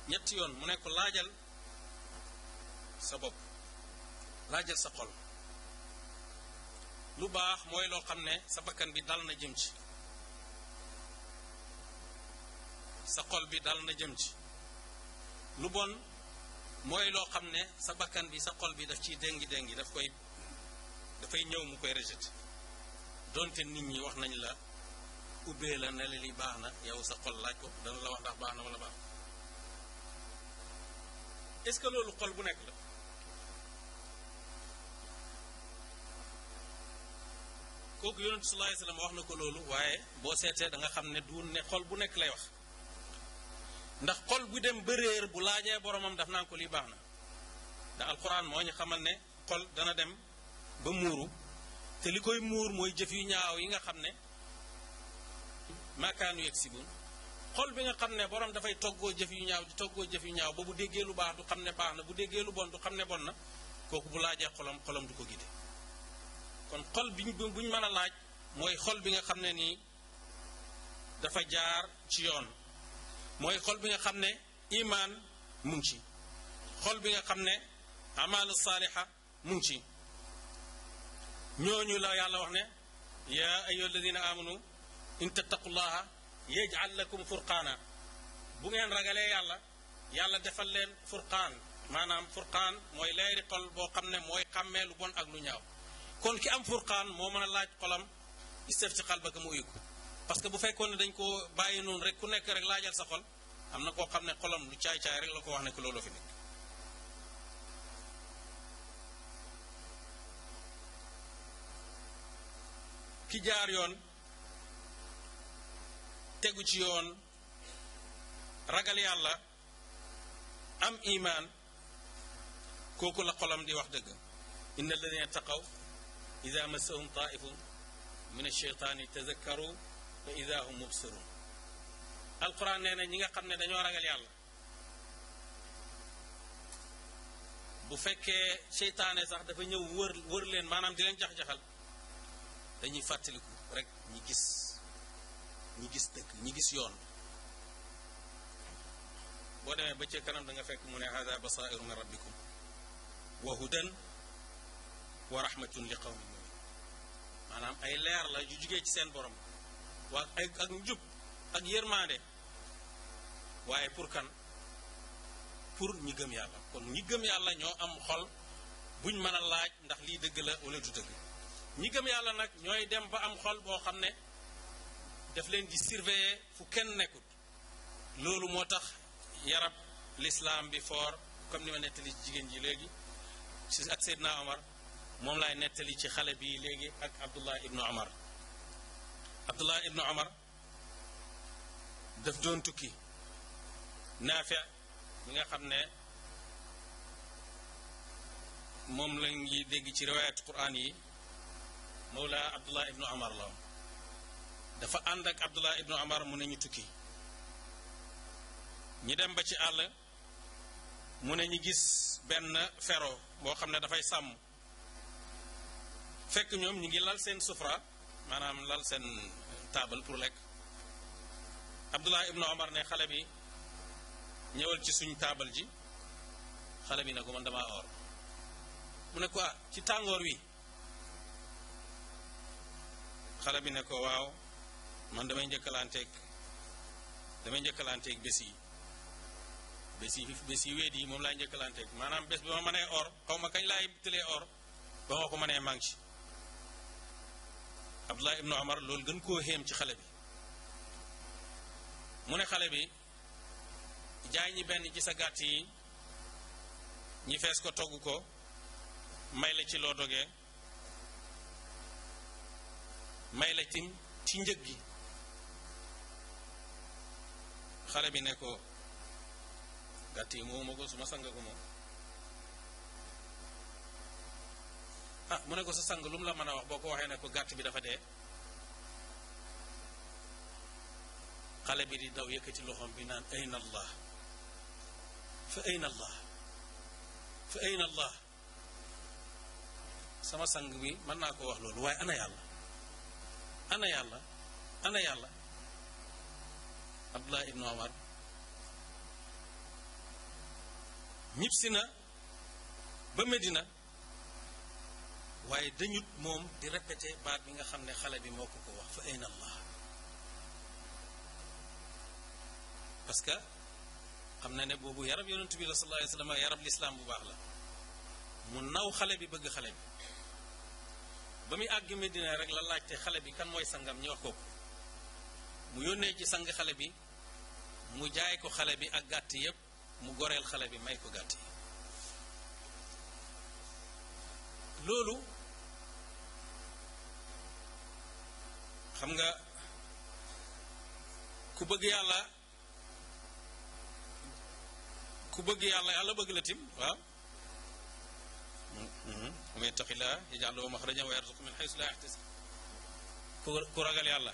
ñetti yoon mu ne ko laajal sa bopp laajal sa xol lu baax mooy loo xam ne sa bakkan bi dal na jëm ci sa xol bi dal na jëm ci lu bon mooy loo xam ne sa bakkan bi sa xol bi daf ciy déngi déngi daf koy dafay ñëw mu koy rejeté donte nit ñi wax nañ la ubbee la ne li baax na yow sa xol laaj ko dana la wax ndax baax na wala baax est ce que loolu xol bu nekk la kooku yonent sallallahu alayhi wasallam wax na ko loolu waaye boo seetee da nga xam ne du ne xol bu nekk lay wax ndax xol bu dem ba réer bu laajee boromam daf naan ko lii baax na ndax alquran moo ñu xamal ne xol dana dem ba muuru te li koy muur mooy jëf yu ñaaw yi nga xam ne maakaanu yegg si buun xol bi nga xam ne borom dafay toggoo jëf yu ñaaw di toggoo jëf yu ñaaw ba bu déggee lu baax du xam ne baax na bu déggee lu bon du xam ne bon na kooku bu laajee xolam xolam du ko gide kon xol biñ buñ mën a laaj mooy xol bi nga xam ne nii dafa jaar ci yoon mooy xol bi nga xam ne imaan mu ngi ci xol bi nga xam ne amal saaliha mu ngi ci ñooñu la yàlla wax ne ya ayyuha alladina amanu in tattaqullaha yaj'al lakum furqana bu ngeen ragalee yàlla yàlla defal leen furqaan maanaam furqaan mooy leeri xol boo xam ne mooy xàmmee lu bon ak lu ñaaw kon ki am furqaan moo mën a laaj xolam istef ci xalbaka mu uyu parce que bu fekkoon ne dañ koo bàyyi noonu rek ku nekk rek laajal sa xol am na koo xam ne xolam lu caay-caay rek la ko wax ne ko ki jaar yoon tegu ci yoon ragal yàlla am imaan kooku la xolam di wax dëgg inna alladina taqaw إذا مسهم طائف من الشيطان تذكروا فإذا هم مبصرون القرآن نينا نيغا خامنا دانيو راغال يالا بو فكه شيطان صاح دا فا نيو وور وور لين مانام دي لين جاخ جاخال داني فاتليكو رك ني غيس ني غيس دك ني غيس يون بو دا با تي كانام داغا فك مو هذا بصائر من ربكم وهدى ورحمه لقوم maanaam ay leer la yu jugee ci seen borom waa ay ak njub ak yërmaande waaye pour kan pour ñi gëm yàlla kon ñi gëm yàlla ñoo am xol buñ mën a laaj ndax lii dëgg la wala du dëgg ñi gëm yàlla nag ñooy dem ba am xol boo xam ne def leen di surveiller fu kenn nekkut loolu moo tax yarab lislaam bi foor comme ni ma nettali jigéen ji léegi si ak Seydina Omar moom laay nettali ci xale bi léegi ak abdullah ibnu omar abdullah ibnu omar daf doon tukki naafi bi nga xam ne moom la ngi dégg ci riwaayat quran yi mawla abdullah ibnu omar la dafa ànd ak abdullah ibnu omar mu ne ñu tukki ñi dem ba ci àll mu ne ñu gis benn fero boo xam ne dafay sàmm fekk ñoom ñu ngi lal seen sufra maanaam lal seen taabal pour lekk abdullah ibnu omar ne xale bi ñëwal ci suñ taabal ji xale bi ne ko man damaa oor mu ne ko ah, ci tàngoor wi xale bi ne ko waaw man damay njëkkalanteeg damay njëkkalanteeg bés yi bés yi bés yi weet moom laay njëkkalanteeg maanaam bés bi ma mënee or xaw ma kañ laay tëlee or ba ma ko mënee manque Abdullah ibnu Omar lool gën koo xéem ci xale bi mu ne xale bi jaay ñi benn ci sa gàtt yi ñi fees ko togg ko may la ci loo dogee may la tim ci njëg gi xale bi ne ko gàtt yi moom ma suma sanga ko moom ah mu ne ko sa sang lu mu la mën a wax boo ko waxee ne ko gàtt bi dafa dee xale bi di daw yëkkati loxoom bi naan ayna allah fa ayna allah fa ayna allah sama sang bi mën naa ko wax loolu waaye ana yàlla ana yàlla ana yàlla abdullah ibnu omar ñibbisi na ba medina waye dañut mom di répéter baat bi nga xamné xale bi moko ko wax fa ayna allah parce que xam ne bobu yarab yonentu bi sallallahu alayhi wasallam yarab l'islam bu baax la mu naw xale bi bëgg xale bi ba muy àgg Medina rek la laajte xale bi kan moy sangam ñu wax ko mu yónnee ci sang xale bi mu jaay ko xale bi ak gàtt yépp mu gorel xale bi may ko gàtt lolu xam nga ku bëgg yàlla ku bëgg yàlla yàlla bëgg la tim waaw man mm-hmm. yattaqillaa yaj'al lahu maxrajan wa yarzuqhu min xaysu laa yaxtasib ku ragal yàlla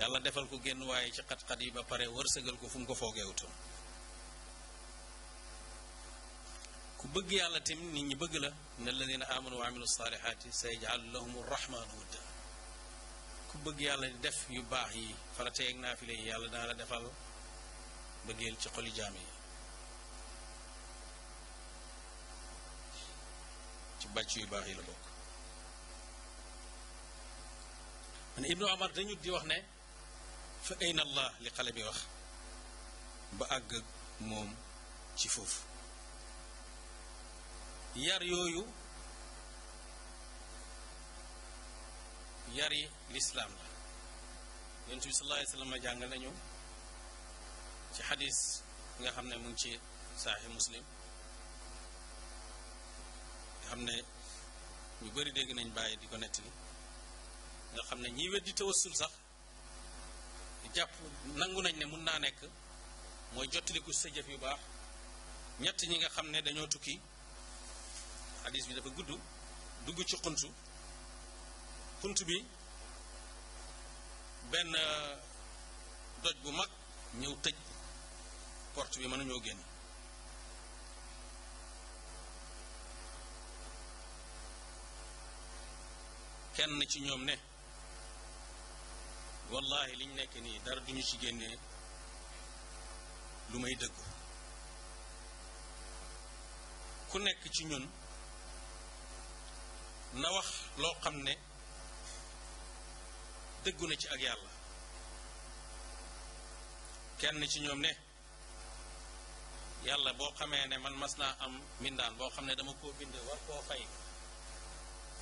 yàlla defal ko genn waaye ci xat-xat yi ba pare wërsëgal ko fum mu ko foogeewutoon ku bëgg yàlla tim nit ñi bëgg la inna alladina amanu wa amilu saalihaati sayaj'alu lahum rahmaanu wudda ku bëgg yàlla di def yu baax yi farata yeeg naafile yi yàlla daa la defal bëggeel ci xoli jaam yi ci bàcc yu baax yi la bokk man ibnu amar dañu di wax ne fa ayna allah li xale bi wax ba àgg moom ci foofu yar yooyu yari lislaam la yonent bi sallallahu alayhi wa sallam jàngal nañu ci xadis nga xam ne mu ngi ci saaxi muslim nga xam ne ñu bëri dégg nañ bàyyi di ko ni nga xam ne ñiy weddi tawassul sax jàpp nangu nañ ne mun naa nekk mooy jottaliku sa jëf yu baax ñett ñi nga xam ne dañoo tukki xadis bi dafa gudd dugg ci xuntu bunt bi benn euh, doj bu mag ñëw tëj porte bi mënuñoo génn kenn ci ñoom ne wallahi liñ nekk nii dara duñu ci génnee lu may dëggu ku nekk ci ñun na wax loo xam ne dëggu na ci ak yàlla kenn ci ñoom ne yàlla boo xamee ne man mas naa am mbindaan boo xam ne dama koo bind war koo fay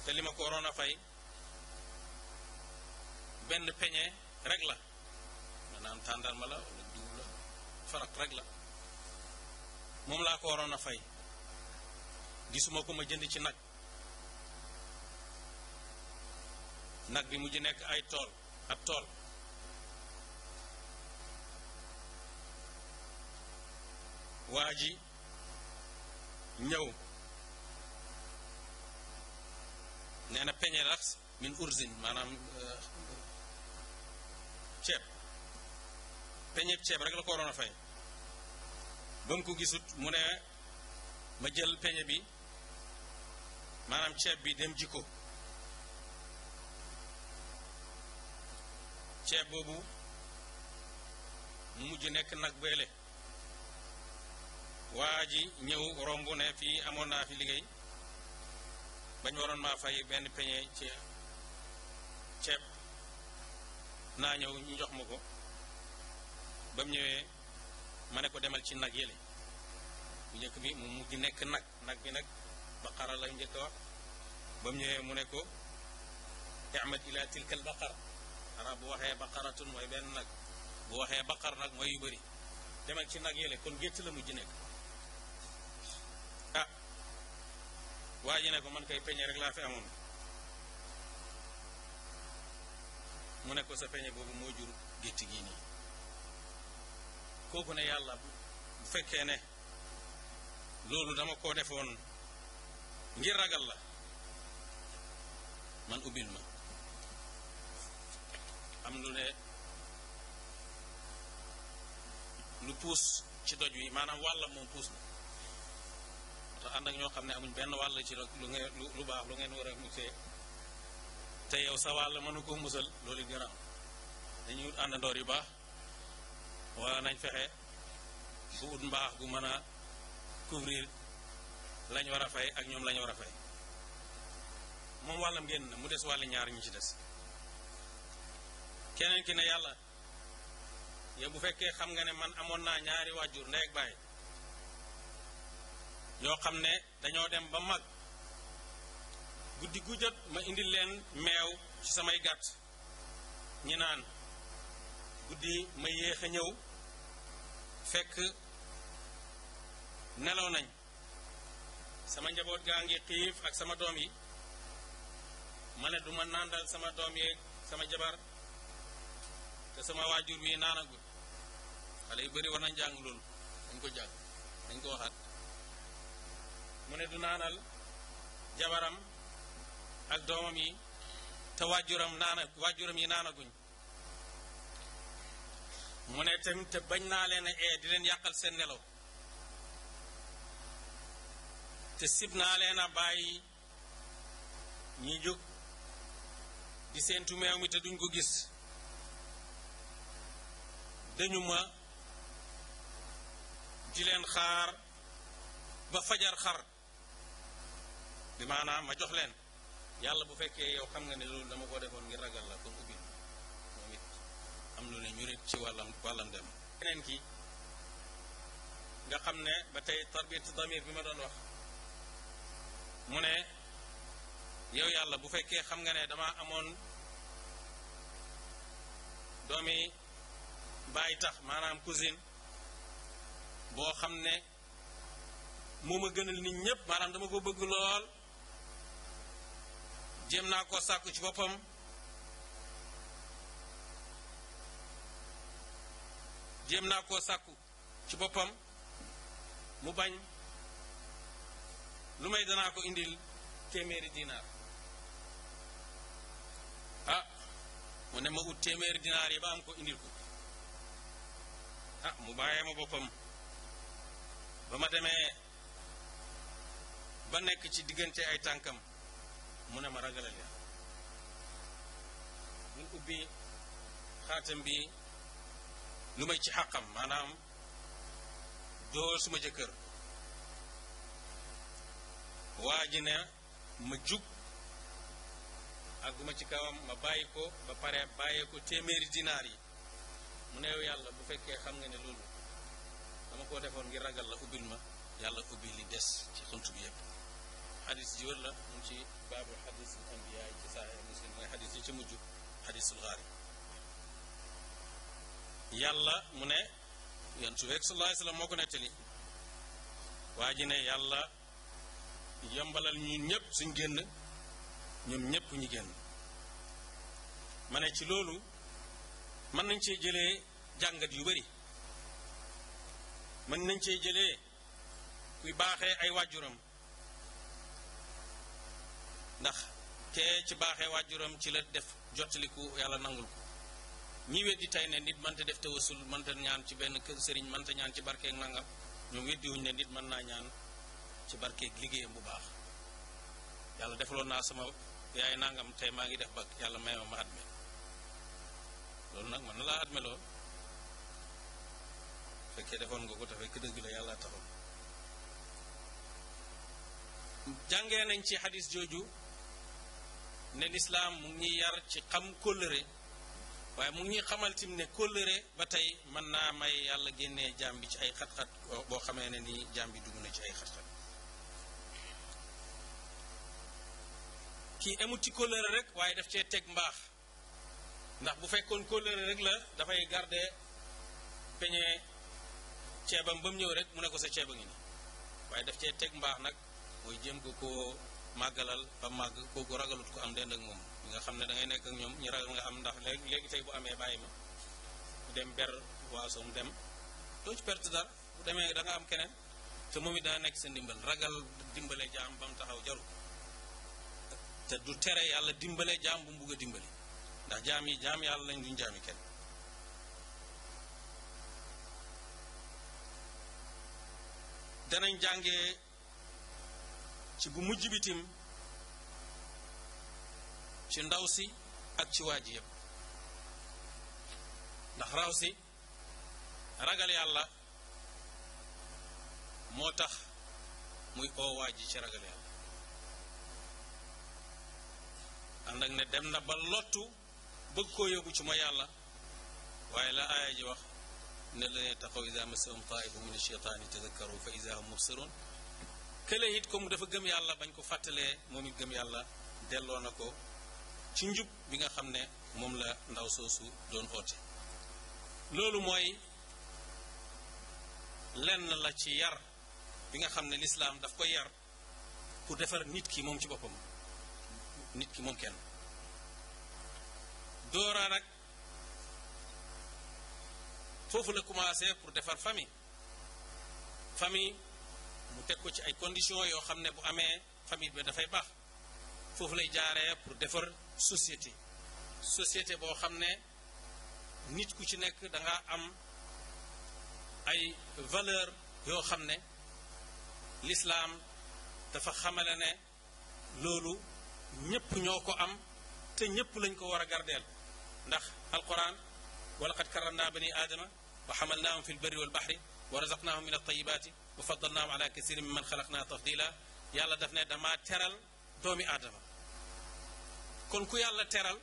te li ma ko waroon a fay benn peñe rek la maanaam tàndarma la wala diw la farak rek la moom laa ko waroon a fay gisuma ko ma jënd ci nag nag bi mu mujj nekk ay tool ab tool waa ji ñëw nee na peñe rax min urzin maanaam euh, ceeb peñeb ceeb rek la ko waroon a fay ba mu ko gisut mu ne ma jël peñe bi maanaam ceeb bi dem jikko ceeb boobu mu mujj nekk nag beele waa ji ñëw romb ne fii amoon naa fi liggéey bañ waroon maa fay benn peñe ceeb naa ñëw ñu jox ma ko ba mu ñëwee ma ne ko demal ci nag yële bu njëkk bi mu mujj nekk nag nag bi nag baqara la njëkk wax ba mu ñëwee mu ne ko imal ila tilka al baqara arab bu waxee baqaratun mooy benn nag bu waxee baqar nag mooy yu bëri demal ci nag yële kon gétt la mujj nekk ah waa ji ko man koy peñe rek laa fi amoon mu ne sa peñe boobu moo jur gétt gii nii kooku ne yàlla bu fekkee ne loolu dama koo defoon ngir ragal la man ubbil ma am lu lu puus ci doj wi maanaam wàllam moom puus na te ànd ak ñoo xam ne amuñ benn wàll ci lu ngeen lu baax lu ngeen war a musee te yow sa wàll mënu koo musal loolu gën dañu am dañuy wut yu baax wala nañ fexe bu ut mbaax gu mën a couvrir lañ war a fay ak ñoom lañ war a fay moom wàllam génn na mu des wàlli ñaar ñu ci des keneen ki ne yàlla yow bu fekkee xam nga ne man amoon naa ñaari waajur ndey ak baay yoo xam ne dañoo dem ba mag guddi gu jot ma indi leen meew ci samay gàtt ñi naan guddi ma yéex ñëw fekk nelaw nañ sama njaboot gaa ngi xiif ak sama doom yi ma ne du ma nàndal sama doom yeeg sama jabar te sama waajur wi naanagul xale yu bëri war nañ jàng loolu dañ ko jàng dañ ko waxaat mu ne du naanal jabaram ak doomam yi te waajuram naana waajuram yi naanaguñ mu ne tamit te bañ naa leen a ee di leen yàqal seen nelaw te sib naa leen a bàyyi ñi jóg di seentu meew te duñ ko gis dañu ma leen xaar ba fajar xar bi maanaam ma jox leen yàlla bu fekkee yow xam nga ne loolu dama ko defoon ngir ragal la kon ubbi moom ci wàllam wàllam ki nga xam ne ba tey tarbit damir bi ma doon wax mu ne yow yàlla bu fekkee xam nga ne dama amoon doomi baay tax maanaam cousine boo xam ne moo ma gënal nit ñépp maanaam dama ko bëgg lool jéem naa ko sàkku ci boppam jéem naa koo sàkku ci boppam mu bañ lu may danaa ko indil téeméeri dinaar ah mu ne ma ut téeméeri dinaar yi ba am ko indil ko Ah, mu bàyyee ma boppam ba ma demee ba nekk ci diggante ay tànkam mu ne ma ragalal yàlla mun ubbi xaatam bi lu may ci xàqam maanaam doo suma jëkkër waa ji ne ma jug àgguma ci kawam ma bàyyi ko ba pare bàyyee ko téeméeri dinaar yi mu yàlla bu fekkee xam nga ne loolu dama koo defoon ngir ragal la ubbil ma yàlla ubbi li des ci xunt bi yëpp xadis ji la mu ci baabu xadis al ambiya ci saxee muslim mooy xadis yi ci mujj xadisul xaari yàlla mu ne yan su weeg sallallahu alayhi wasallam moo ko nettali waa ji ne yàlla yombalal ñun ñëpp suñ génn ñoom ñëpp ñu génn ma ne ci loolu mën nañ cee jëlee jangat yu bari man nañ cee jëlé kuy baxé ay wajuram ndax té ci baxé wajuram ci la def jotliku yalla nangul ko ñi wéddi tay né nit ta def man ta ñaan ci benn kër sëriñ ta ñaan ci barkeeg nangam wéddi wuñ né nit man na ñaan ci barkeeg liggéeyam bu baax yalla defalon na sama yaay nangam tey ma ngi def bak yalla may ma ma adme loolu nag la na adme loolu fekkee defoon nga ko te la yàlla taxaw nañ ci xadis jooju ne lislaam mu ngi ci xam kóllëre waaye mu ngi xamal tim ne kóllëre ba tey mën naa may yàlla génnee jaam ci ay xat-xat ne nii jaam dugg na ci ay xat-xat ci kóllëre rek waaye daf cee teg mbaax ndax bu fekkoon kóllëre rek la dafay garder peñe ceebam ba mu ñëw rek mu ne ko sa ceeba ngi nii waaye def cee teg mbaax nag mooy jéem ko koo màggalal ba màgg kooku ragalut ko am dend ak moom ñi nga xam ne da ngay nekk ak ñoom ñu ragal nga am ndax léegi léegi tey bu amee bàyyi ma dem ber waasoom dem doo ci perte dara bu demee da nga am keneen te moom it dana nekk sa ndimbal ragal dimbale jaam ba mu taxaw jaru te du tere yàlla dimbale jaam bu mu bugg dimbali ndax jaam yi jaam yàlla lañ duñ jaami kenn denañ jàngee ci bu mujj bitim ci ndaw si ak ci waa ji yépp ndax raw si ragal yàlla moo tax muy oo waa ji ci ragal yàlla ànd ne dem na ba lottu bëgg koo yóbbu ci ma yàlla waaye la aaya ji wax ان الذين اتقوا اذا مسهم طائف من الشيطان يتذكروا فاذا هم مبصرون كلي هيتكم دا فا گم يالا بانكو فاتلي مومي گم يالا ديلو نكو تي نجوب بيغا خامني موم دون اوتي لولو موي لن لا تي يار بيغا خامني الاسلام دا فكو يار نيت كي موم سي نيت كي ممكن كين fofu la commencé pour defar famille famille mu tekko ci ay conditions yo xamne bu amé famille bi fay bax fofu lay jaaree pour defar société société bo xamne nit ku ci nek da nga am ay valeur yo xamne l'islam dafa xamale ne lolu ñëpp ñoko am te ñëpp lañ ko wara a ndax alcorane ولقد كرمنا بني آدم وحملناهم في البر والبحر ورزقناهم من الطيبات وفضلناهم على كثير ممن خلقنا تفضيلا يالا دفنا دما ترال دومي آدم كون كو يالا ترال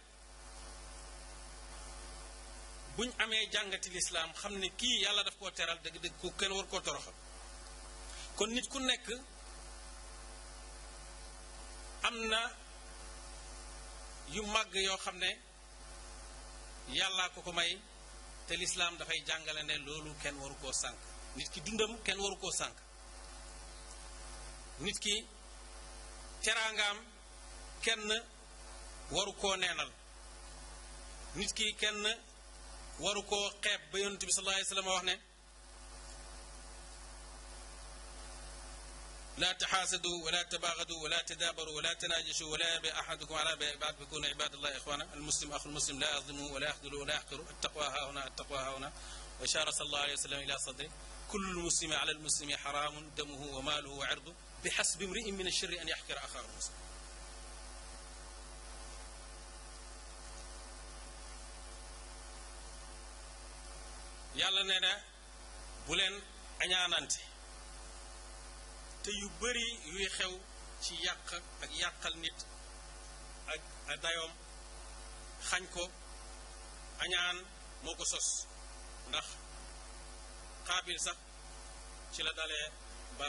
بون امي جانغتي الاسلام خمني كي يالا داف كو koo teral dëgg كو كين kenn war koo toroxal kon nit ku nekk am na yu yàllaa ko ko may te lislaam dafay jàngale ne loolu kenn waru koo sànk nit ki dundam kenn waru koo sànk nit ki teraangaam kenn waru koo neenal nit ki kenn waru koo xeeb ba yonent bi sallallahu alayhi wasallam wax ne لا تحاسدوا ولا تباغضوا ولا تدابروا ولا تناجشوا ولا يبي احدكم على بيع بعد بكون عباد الله اخوانا المسلم اخو المسلم لا يظلموا ولا يخذلوا ولا يحقروا التقوى ها هنا التقوى ها هنا واشار صلى الله عليه وسلم الى صدره كل المسلم على المسلم حرام دمه وماله وعرضه بحسب امرئ من الشر ان يحقر اخاه المسلم يلا ننا na bu leen te yu bari yuy xew ci yàq ak yàqal nit ak dayoom xañ ko añaan moo ko sos ndax xaabil sax ci la dalee ba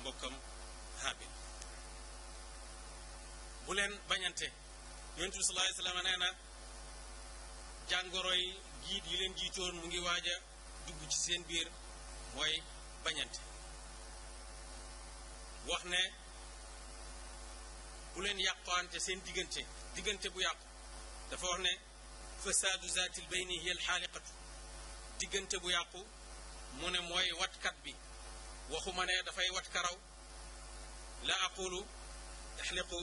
mbokkam xaabil bu leen bañante yonent bi sallallahu alayhi jàngoroy jiit yi leen jiitoon mu ngi waaj a dugg ci seen biir mooy bañante wax ne bu leen yàqante seen diggante diggante bu yàqu dafa wax ne fasaadu zaati lbayni hiya alxaaliqatu diggante bu yàqu mu ne mooy watkat bi waxuma ne dafay wat karaw la aqulu taxliqu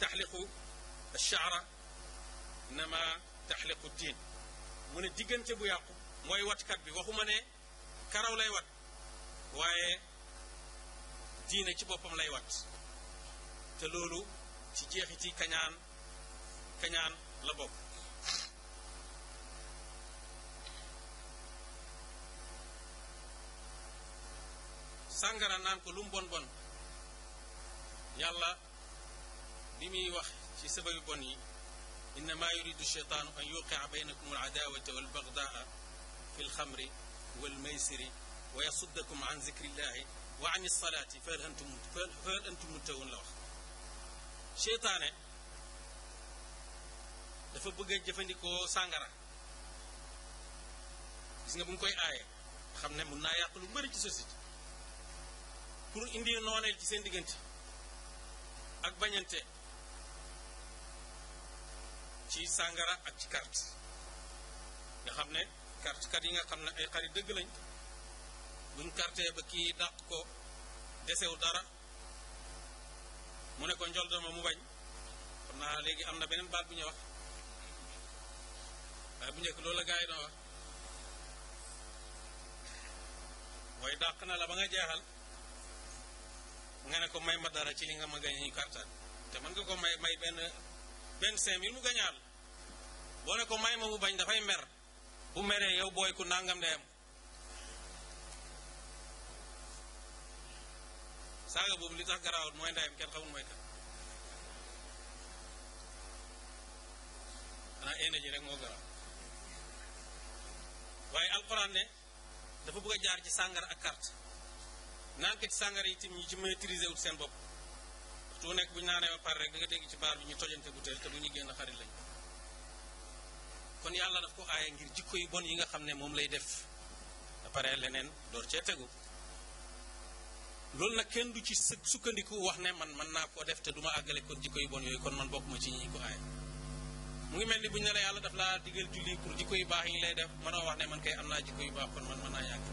taxliqu alchaara nama taxliqu diin mu ne diggante bu yàqu mooy watkat bi waxuma ne karaw lay wat waaye diine ci boppam lay wat te loolu ci jeexi ci kañaan kañaan la bokk sàngara naan ko lu mu bon bon yàlla bi muy wax ci sababi bon yi inna ma yuridu sheytaanu an yuqia baynakum aladaawata walbagdaa fi alxamri walmaysiri wa yasuddakum an zikrillahi wa ni salaati fa hal antum fa hal la wax seytaane dafa bëgg a jëfandikoo sàngara gis nga bu koy aaye xam ne mun naa yàq lu bëri ci société pour indi nooneel ci seen diggante ak bañante ci sàngara ak ci carte nga xam ne carte kat yi nga xam ne ay xarit dëgg lañ buñ kartee ba kii dàq ko desew dara mu ne ko njol mu bañ xam naa léegi am na beneen baal bu ñuy wax waaye bu njëkk loolu la gars yi doon wax dàq na la ba nga jeexal nga ne ko may ma dara ci li nga ma gañe ñu kartaat te mën nga ko may may benn benn cinq mu gañaal boo ne ko may ma mu bañ dafay mer bu meree yow booy ku nangam de am saaga boobu li tax garaawul mooy ndeyam kenn xamul mooy kan xanaa eené rek moo garaaw waaye alxuraan ne dafa bëgg a jaar ci sàngara ak carte naan ko ci sàngara yi tim ñi ci maîtriser wut seen bopp waxtu nekk bu ñu naanee ba pare rek da nga dégg ci baar bi ñu tojante butéel te du ñu génn xarit lañ kon yàlla daf ko aaye ngir jikko yi bon yi nga xam ne moom lay def da leneen door cee tegu loolu nag kenn du ci sukkandiku wax ne man mën naa koo def te duma ma àggale kon jikko yu bon yooyu kon man bokk ma ci ñi ko aay mu ngi mel ni bu ñu ne la yàlla daf laa digal julli pour jikko yu baax yi ngi lay def mënoo wax ne man kay am naa jikko yu baax kon man mën naa yàgg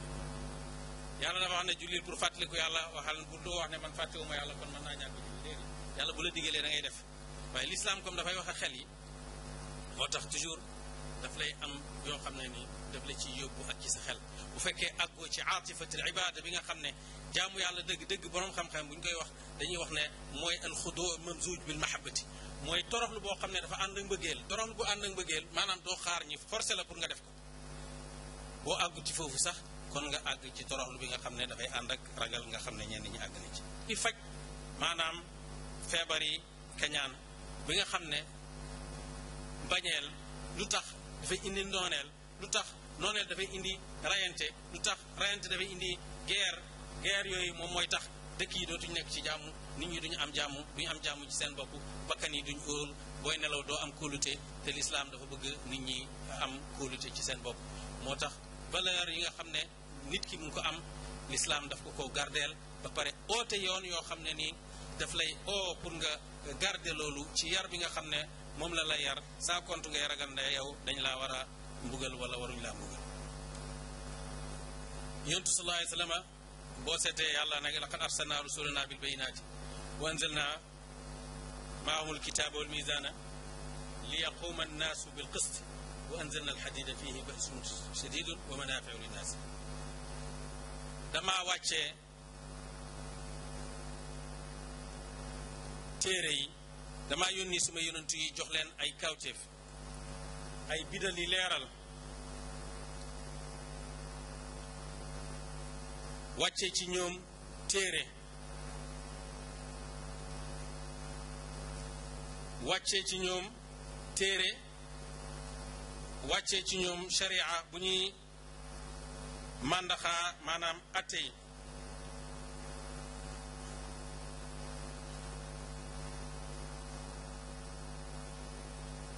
yàlla dafa wax ne julli pour fàttaliku yàlla waxal bu doo wax ne man fàttewu ma yàlla kon mën naa ñàkk julli léegi yàlla bu la digalee da ngay def waaye l'islam comme dafay wax a xel yi moo tax toujours دفلي أم يوم خمني دفلي شيء يبو أكيس خل وفكر أكو شيء عاطفة العبادة بينا خمني جامو يالله دق دق برام خم خم بنقول يوخ دني وخنا موي الخدو ممزوج بالمحبة موي تروح لبو خمني دفع أندن بجيل تروح لبو أندن بجيل ما نام دو خارني فرصة لبرنا دفكو بو أكو تفوف صح كون غا أكو شيء تروح لبو خمني دفع أندك رجال غا خمني يني يني أكو شيء إفك ما نام فبراير كنيان بينا خمني بنيل لطخ dafay indi nooneel lu tax nooneel dafay indi rayante lu tax rayante dafay indi guerre guerre yooyu moom mooy tax dëkk yi dootuñu nekk ci jàmm nit ñi duñu am jàmm duñu am jàmm ci seen bopp bakkan yi duñ óol booy nelaw doo am kóolute te lislaam dafa bëgg nit ñi am kóolute ci seen bopp moo tax valeur yi nga xam ne nit ki mu ko am lislaam daf ko ko gardeel ba pare oote yoon yoo xam ne nii daf lay oo pour nga garder loolu ci yar bi nga xam ne moom la la yar saa kont ngay ragal nda yow dañ laa war a mbugal wala waruñ laa mbugal yontu sallallahu alayhi wa sallam boo seetee yàlla nag laqad arsalnaa rusulanaa bil bayyinaati wa anzalnaa maahumul kitaaba wal miizaana li yaquuma annaasu bil qist wa anzalna al hadiida fiihi ba'sun shadiidun wa manaafi'u linnaas damaa wàccee téere yi damaa yónni suma yonentu yi jox leen ay kawteef ay bidal leeral wàcce ci ñoom téere wàccee ci ñoom téere wàccee ci ñoom sharia bu ñuy màndaxa maanaam atey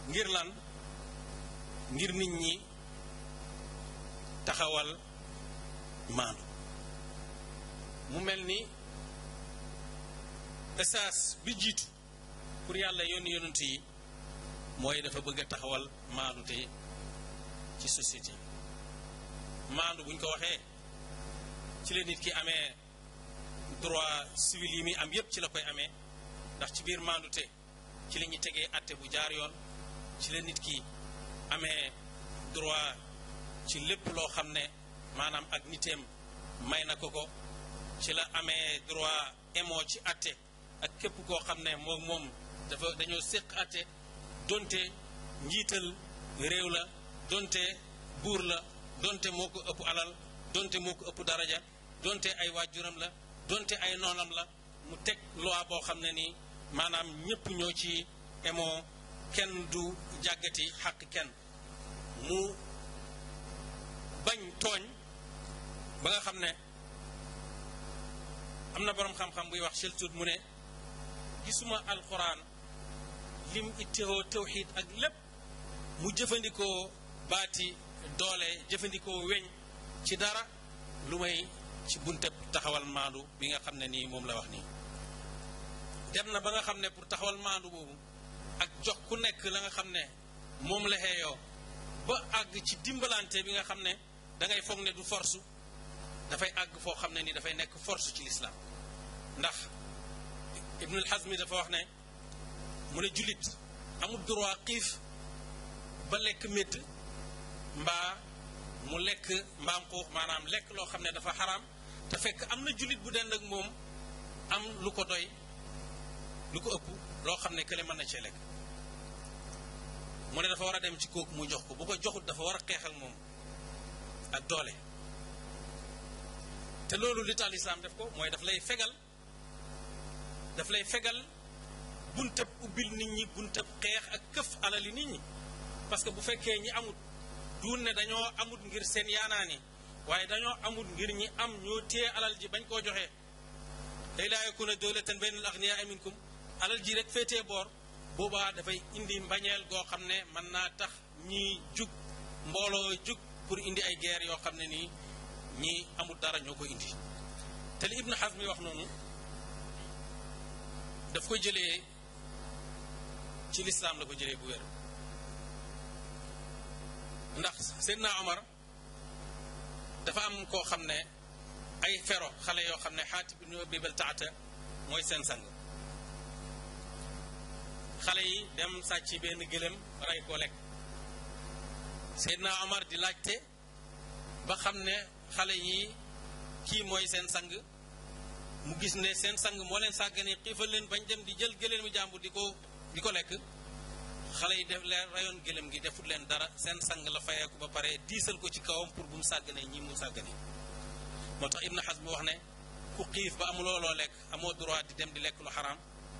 ngir lan ngir nit ñi taxawal maandu mu mel ni essence bi jiitu pour yàlla yónni yonent yi mooy dafa bëgg a taxawal maandu te ci société maandu buñ ko waxee ci la nit ki amee droit civil yi muy am yépp ci la koy amee ndax ci biir maandu te ci lañuy ñuy tegee atte bu jaar yoon ci la nit ki amee droit ci lépp loo xam ne maanaam ak niteem may na ko ko ci la amee droit émo ci atte ak képp koo xam ne moom moom dafa dañoo séq atte donte njiital réew la donte buur la donte moo ko ëpp alal donte moo ko ëpp daraja donte ay waajuram la donte ay noonam la mu teg loi boo xam ne nii maanaam ñépp ñoo ci émo kenn du jàggati xaq kenn mu bañ tooñ ba nga xam ne am na boroom xam-xam buy wax sheltud mu ne gisuma alxuraan lim ittihoo tawxid ak lépp mu jëfandikoo baati doole jëfandikoo weñ ci dara lu may ci bunte taxawal maandu bi nga xam ne nii moom la wax nii dem na ba nga xam ne pour taxawal maandu boobu ak jox ku nekk la nga xam ne moom la xeeyoo ba àgg ci dimbalante bi nga xam ne da ngay foog ne du force dafay àgg foo xam ne ni dafay nekk force ci lislaam ndax ibnul hazmi dafa wax ne mu ne jullit amul droit xiif ba lekk métt mbaa mu lekk mbaam xuux maanaam lekk loo xam ne dafa xaraam te fekk am na jullit bu dend ak moom am lu ko doy lu ko ëpp loo xam ne kële mën na cee lekk mu ne dafa war a dem ci kooku mu jox ko bu ko joxut dafa war a xeex ak moom ak doole te loolu li tax lislaam def ko mooy daf lay fegal daf lay fegal buntab ubbil nit ñi buntab xeex ak këf alali nit ñi parce que bu fekkee ñi amut duun ne dañoo amut ngir seen yaanaani waaye dañoo amut ngir ñi am ñoo téye alal ji bañ koo joxe. day laa yakuna dawlatan bayna al agniyaa minkum alal ji rek féetee boor boobaa dafay indi mbañeel goo xam ne mën naa tax ñi jug mbooloo jug pour indi ay guerre yoo xam ne nii ñii amul dara ñoo ko indi te li Ibn Hazm wax noonu daf ko jëlee ci lislaam la ko jëlee bu wér ndax Seydina Omar dafa am koo xam ne ay fero xale yoo xam ne Haatib ibn Abi Baltaata mooy seen sang xale yi dem sàcc benn gëlëm rey ko lekk Seydina Omar di laajte ba xam ne xale yi kii mooy seen sang mu gis ne seen sang moo leen sàggane xiifal leen bañ dem di jël gëlëm jàmbur di ko di ko lekk xale yi def leen rayoon gëlëm gi defut leen dara seen sang la fayeeku ba pare diisal ko ci kawam pour bu mu sàggane ñii mu sàggane moo tax Ibn Hazm wax ne ku xiif ba amuloo loo lekk amoo droit di dem di lekk lu xaraam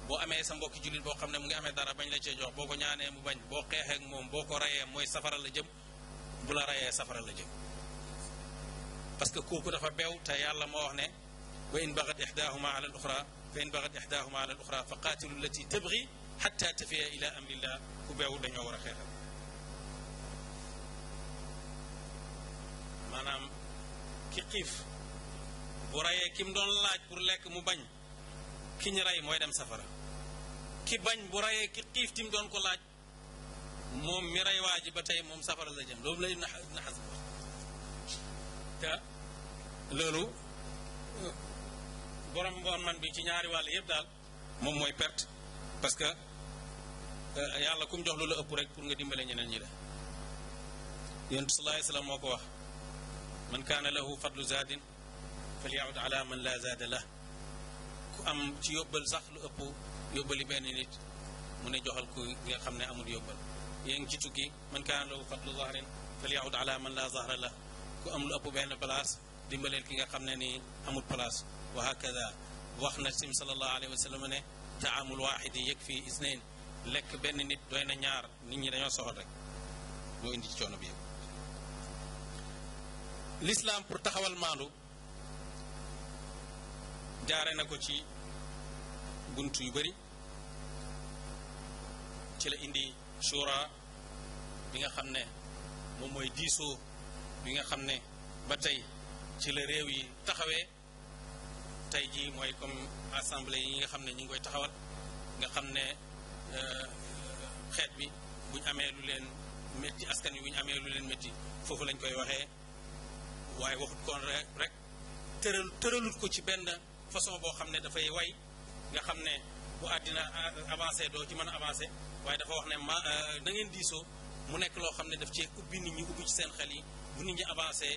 bo amé sa mbokk julit bo xamné mu ngi amé dara bañ la ci jox boko ñaané mu bañ bo xéx ak mom boko rayé moy safara la jëm bu la rayé safara la jëm parce que koku dafa bew ta yàlla mo wax ne wa in baghat ihdahuma ala al ukhra fa in baghat ihdahuma ala al ukhra fa qaatilu allati tabghi hatta tafiya ila amri llah ku bew dañu wara xéx manam ki xif bu rayé kim doon laaj pour lek mu bañ ki ñu rey mooy dem safara ki bañ bu raye ki xiif tim doon ko laaj moom mi rey waa ji ba tey moom safara la jëm loolu la Ibn Hazm te loolu uh, borom man bi ci ñaari wàll yëpp daal moom mooy pert parce que uh, yàlla ku mu jox loolu ëpp rek pour nga dimbale ñeneen ñi la yonent salaay salaam moo ko wax man kaana lahu fadlu zaadin falyaud ala man la zaada la am ci yóbbal sax lu ëpp yóbbali benn nit mu ne joxal ku nga xam ne amul yóbbal yéen ci tukki man kaan lahu fadlu zahrin falyahud ala man la zahra la ku am lu ëpp benn place dimbaleel ki nga xam ne nii amul place wa hakada wax na sim salallahu alayhi wa sallam ne taamul waaxidi yëg fii isnain lekk benn nit doy na ñaar nit ñi dañoo soxal rek moo indi ci coono bi yëpp l'islam pour taxawal maandu jaare na ko ci bunt yu bari ci la indi shura bi nga xam ne moom mooy diisoo bi nga xam ne ba tey ci la réew yi taxawee tey jii mooy comme assemblée yi nga xam ne ñi ngi koy taxawal nga xam ne euh, xeet bi buñ amee lu leen métti askan wi buñ amee lu leen métti foofu lañ koy waxee waaye waxut koon rek rek tëral tëralut ko ci benn façon boo xam ne dafay way nga xamne bu adina avancé do ci meuna a avancé waaye dafa wax ne da ngeen diisoo mu nek lo xamne daf ci ubbi nit ñi ubbi ci seen xel yi bu nit ñi avancé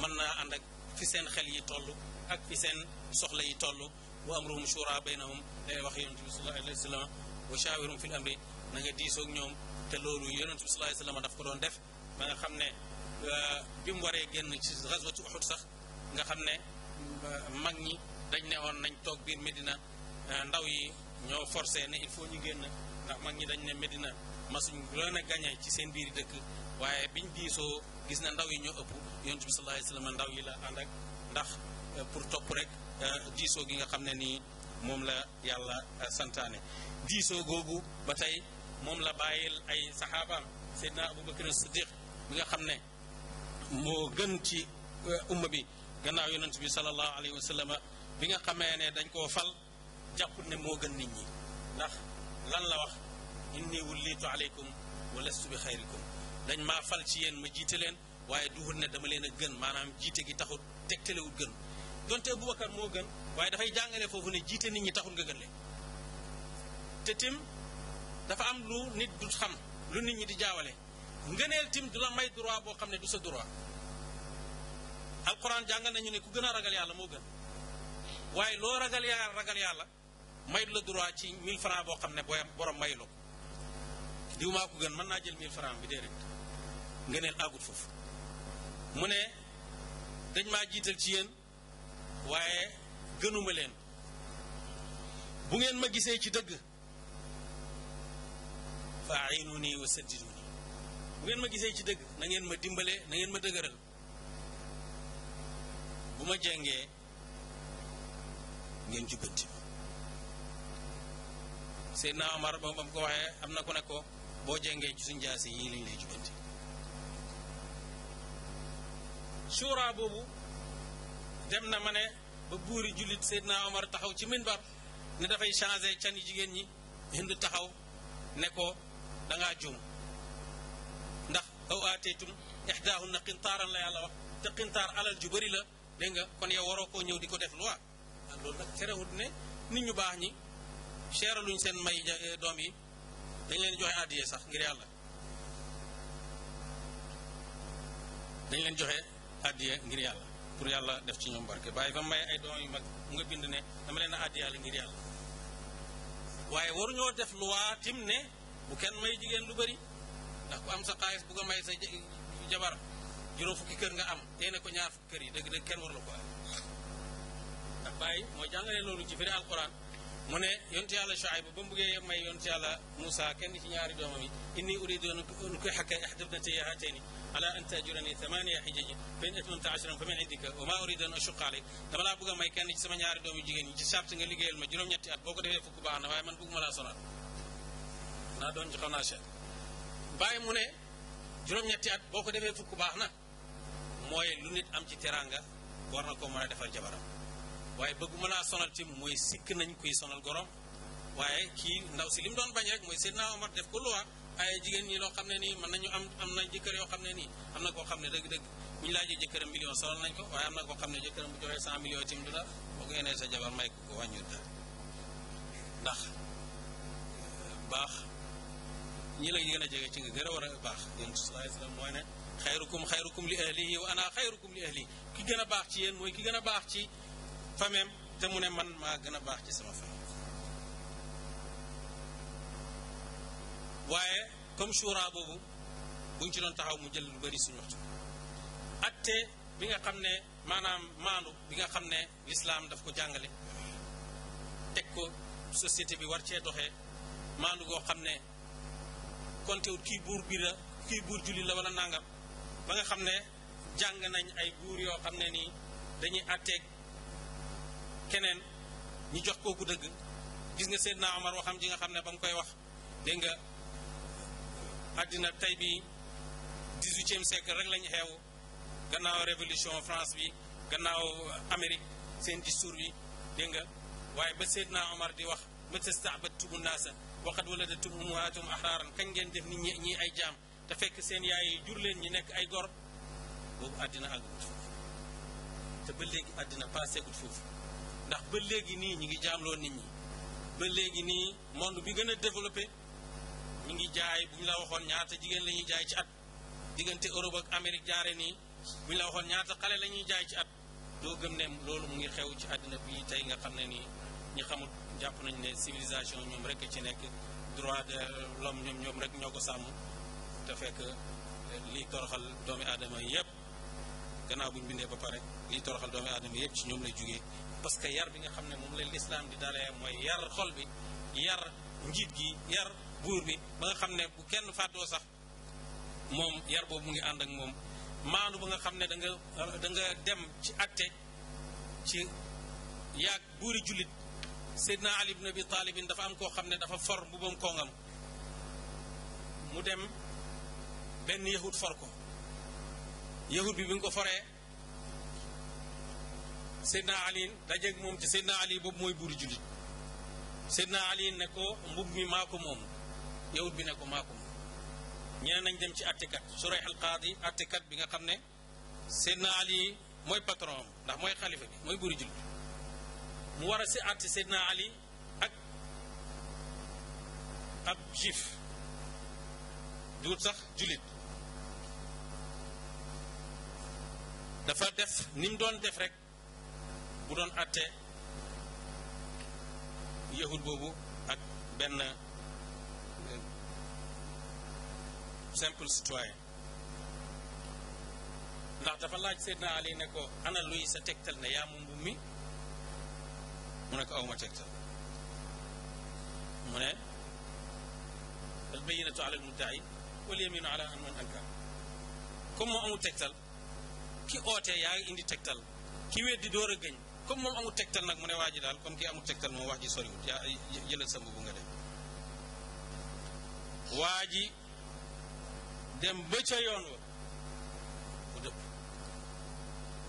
man na ànd ak fi seen xel yi tollu ak fi seen soxla yi tollu wa amruhum shura bainahum day wax yonent sallallahu alayhi wasallam wa shawirum fil amri na nga ak ñoom te loolu yonent sallallahu alayhi wasallam daf ko doon def ba nga xamne ne bi mu waree génn ci ghazwat Uhud sax nga xamne mag ñi dañ ne nañ toog biir Medina Euh, ndaw yi ñoo forcé ne il faut ñu génn ndax mag ñi dañ ne Medina masuñ loon a gagné ci seen biir dëkk waaye biñ diisoo gis na ndaw yi ñoo ëpp yonent bi sallallahu alayhi wasallam ndaw yi la ànd ndax euh, pour topp rek euh, diisoo gi nga xam ne nii moom la yàlla santaane diisoo googu ba tey moom la bàyyil ay saxaabaam seydna aboubacar siddiq bi nga xam ne moo gën ci umma bi gannaaw yonent bi sallallahu alayhi wa bi nga xamee ne dañ koo fal jàppul ne moo gën nit ñi ndax lan la wax inni wullitu aleykum wa lastu bi xayrikum dañ maa fal ci yéen ma jiite leen waaye du duhul ne dama leen a gën maanaam jiite gi taxul tegtalewul gën donte Abubakar moo gën waaye dafay jàngale foofu ne jiite nit ñi taxul nga gën leen te tim dafa am lu nit du xam lu nit ñi di jaawale ngëneel tim du la may droit boo xam ne du sa droit alquran jàng nañu ne ku gën a ragal yàlla moo gën waaye loo ragal yàlla may la droit ci 1000 francs boo xam ne booy borom mayu la ko diw ko gën mën naa jël 1000 francs bi déedéet ngëneel agut foofu mu ne dañ maa jiital ci yéen waaye gënuma leen bu ngeen ma gisee ci dëgg fa nii wa saddiduni bu ngeen ma gisee ci dëgg na ngeen ma dimbale na ngeen ma dëgëral bu ma jengee ngeen jubbanti Seydina Omar ba mu ko waxee am na ku ne boo jengee ci suñ jaasi yii lañ lay jubanti suuraa boobu dem na ma ne ba buuri jullit na Omar taxaw ci minbar ne dafay changé can yi jigéen ñi hindu taxaw ne ko dangaa juum ndax aw aateytum ixdaahunna qintaaran la yàlla wax te qintaar alal ju bëri la dégg nga kon yow waroo koo ñëw di ko def loi loolu nag terewut ne nit ñu baax ñi seeraluñ seen may eh, doom yi dañ leen joxe àddiyee sax ngir yàlla dañ leen joxe àddiyee ngir yàlla pour yàlla def ci ñoom barke bàyyi fa may ay doom yu mag mu nga bind ne dama leen a àddiyaale ngir yàlla waaye waruñoo def luwaa tim ne bu kenn may jigéen lu bari ndax ku am sa xaalis bu ko may sa jabar juróom fukki kër nga am tey ko ñaar fukki kër yi dëgg dëgg kenn war la ko am ndax bàyyi mooy jàngale loolu ci firi alquran mu ne yonti yàlla Shuayb ba mu bëggee may yonti yàlla Moussa kenn ci ñaari doomam yi inni uridu an unkihaka ihda ibnatayya haatayni ala an taajurani thamaniya hijajin fa in atmamta ashran fa min indika wa ma uridu an ashuqqa alayk dama laa bëgg a may kenn ci sama ñaari doom yu jigéen ñi ci sart nga liggéeyal ma juróom-ñetti at boo ko defee fukk baax na waaye man bëgguma laa sonal naa doon ci xaw naa cher bàyyi mu ne juróom-ñetti at boo ko defee fukk baax na mooy lu nit am ci teraanga war na koo mën a defal jabaram waaye bëgguma laa sonal ci mooy sikk nañ kuy sonal gorom waaye kii ndaw si li mu doon bañ rek mooy Seydina Omar def ko luwa ay jigéen ñi loo xam ne nii mën nañu am am na jëkkër yoo xam ne nii am na koo xam ne dëgg-dëgg bu ñu laajee jëkkëram million sonal nañ ko waaye am na koo xam ne jëkkëram bu joxee cent million tim du la boo ko yenee sa jabar may ko wàññiwut dara ndax euh, baax ñi la gën a jege ci nga gën a war a baax yonent sallallahu alayhi wasallam mooy ne xayrukum xayrukum li ahlihi wa ana xayrukum li ahli baax ci yéen mooy ki gën a baax ci fameem te mu ne man maa gën a baax ci sama fam waaye comme shura boobu bu ñu ci doon taxaw mu jël lu bëri suñu waxtu atte bi nga xam ne maanaam maandu bi nga xam ne lislaam daf ko jàngale teg ko société bi war cee doxee maandu goo xam ne kontewut kii buur bi la kii buur jullit la wala nangam ba nga xam ne jàng nañ ay buur yoo xam ne nii dañuy atteeg keneen ñu jox kooku dëgg gis nga Seydina Omar waxam ji nga xam ne ba nga koy wax dégg nga àddina tey bi dix-huitième siècle rek lañu xeew gannaaw révolution France bi gannaaw Amérique seen discours bi dégg nga waaye ba naa Omar di wax matasta'badtumu naasa waqad waladatum ummahaatuhum ahraaran kañ ngeen def nit ñi ay jaam te fekk seen yaay yi jur leen ñi nekk ay gor boobu àddina àggut foofu te ba léegi àddina paaseegut foofu ndax ba léegi nii ñi ngi jaamloo nit ñi ba léegi nii monde bi gën a développé ñi ngi jaay bu ñu la waxoon ñaata jigéen la ñuy jaay ci at diggante Europe ak Amérique jaare nii bu ñu la waxoon ñaata xale la ñuy jaay ci at doo gëm ne loolu mu ngi xew ci àddina bi tey nga xam ne nii ñi xamul jàpp nañ ne civilisation ñoom rek ci nekk droit de l'homme ñoom rek ñoo ko sàmm te fekk lii toroxal doomi aadama yépp gannaaw bu ñu bindee ba pare lii toroxal doom aadama yépp ci ñoom lay jugee parce que yar bi nga xam ne moom la lislaam di dalee mooy yar xol bi yar njiit gi yar buur bi ba nga xam ne bu kenn fàttoo sax moom yar boobu mu ngi ànd ak moom maandu ba nga xam ne danga da nga dem ci atte ci yaag buuri jullit Seydina Ali ibn Abi Taalibin dafa am koo xam ne dafa for mu koongam mu dem benn yahud for ko yahud bi bi nga ko foree Seydina Ali dajeeg moom ci Seydina Ali boobu mooy buuri jullit Seydina Ali ne ko mbub mi maa ko moom yawut bi ne ko maa ko moom ñeneen nañ dem ci attekat Surayh al Qaadi attekat bi nga xam ne Seydina Ali mooy patron am ndax mooy xalifa bi mooy buuri jullit mu war a si àtte Seydina Ali ak ab juif duut sax jullit dafa def ni mu doon def rek mu doon àtte yahud boobu ak benn eh, simple citoyen ndax dafa laaj Seydina Ali ne ko ana luy sa tegtal ne yaa moom mbubb awma tegtal mu ne al bayyinatu ala al mudda'i wal yaminu ala man ankar comme moo tegtal ki ootee yaa indi tegtal ki weddi door a gëñ comme moom amul tegtal nag moo ne waa ji daal comme kii amul tegtal moom wax ji soriwul yaa jëlal sa mbubb nga dem waa ji dem ba ca yoon wa mu dëpp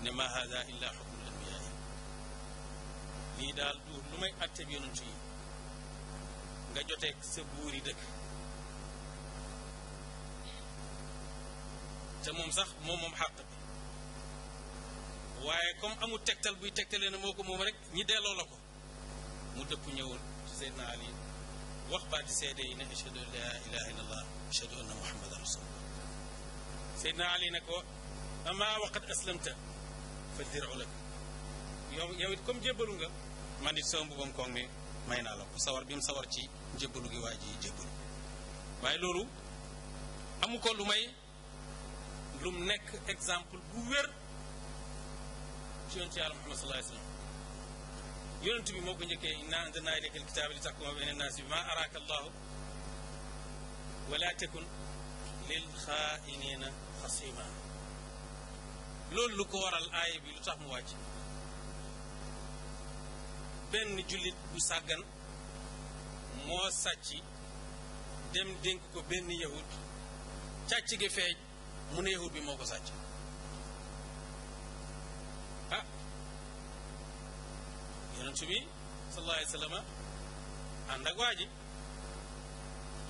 ne ma hada illa xukmul anbiyaa lii daal du lu may atte bi yonent yi nga joteeg sa buuri dëkk te moom sax moom moom xàq waaye comme amul tegtal buy tegtalee na moo ko moom rek ñi delloo la ko mu dëpp ñëwul ci Seydina Ali wax baati seede yi ne ashhadu an la ilaha illa allah ashhadu anna muhammadan rasulullah Seydina Ali ne ko ama waqat aslamta fa dir'u lak yow yow it comme jébbalu nga man it sama mbubam koog mi may naa la ko sawar bi mu sawar ci jébbalu gi waa ji jébbalu waaye loolu amu ko lu may lum nekk exemple bu wér يونت يا محمد صلى الله عليه وسلم يونت بي موكو نيكي ان انزلنا اليك الكتاب لتحكم بين الناس بما اراك الله ولا تكن للخائنين خصيما لول لو كو ورال اي بي لوتاخ مو واجي بن جوليت بو ساغان مو ساتشي ديم دينكو بن يهود تاتشي جي فاج مو نيهود بي موكو ساتشي yonent bi sallallahu alayhi wa sallam ànd waa ji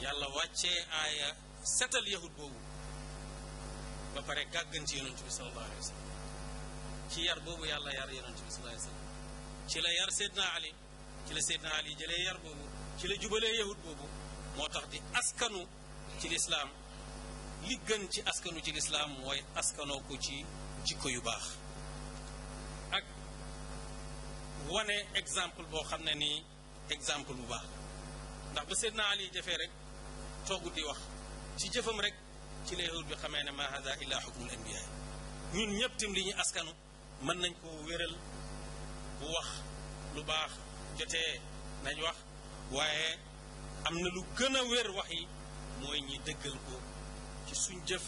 yàlla wàcce aaya setal yahud boobu ba pare gàggan ci yonent bi sallallahu wa sallam ci yar boobu yàlla yar yonent bi sallallahu alayhi wa sallam ci la yar Seydina Ali ci la seddana Ali jële yar boobu ci la jubalee yahud boobu moo tax di askanu ci lislaam li gën ci askanu ci lislaam mooy askanoo ko ci jikko yu baax wane exemple boo xam ne ni exemple bu baax ndax ba Seydina Ali jëfee rek toogut di wax ci jëfam rek ci lay bi xamee ne ma hada illa xukmul anbiya ñun ñëpp tim li ñu askanu mën nañ ko wéral bu wax lu baax jotee nañ wax waaye am na lu gën a wér wax yi mooy ñi dëggal ko ci suñ jëf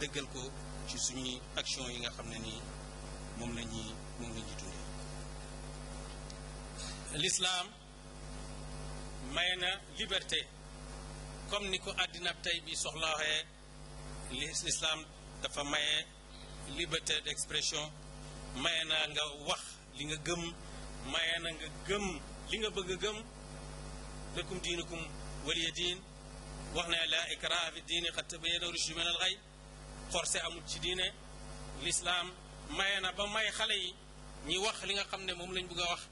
dëggal ko ci suñuy action yi nga xam ne nii moom la ñuy moom la ñuy l'islam may na liberté comme ni ko àddina tey bi soxlaaxee l'islam dafa maye liberté d'expression maye na nga wax li nga gëm maye na nga gëm li nga bëgg a gëm lakum diinukum waliya diin wax ne la ikraha fi diini qad tabayyana rushdu min al-ghayy forcé amul ci diine l'islam maye na ba may xale yi ñi wax li nga xam ne moom lañ bëgg a wax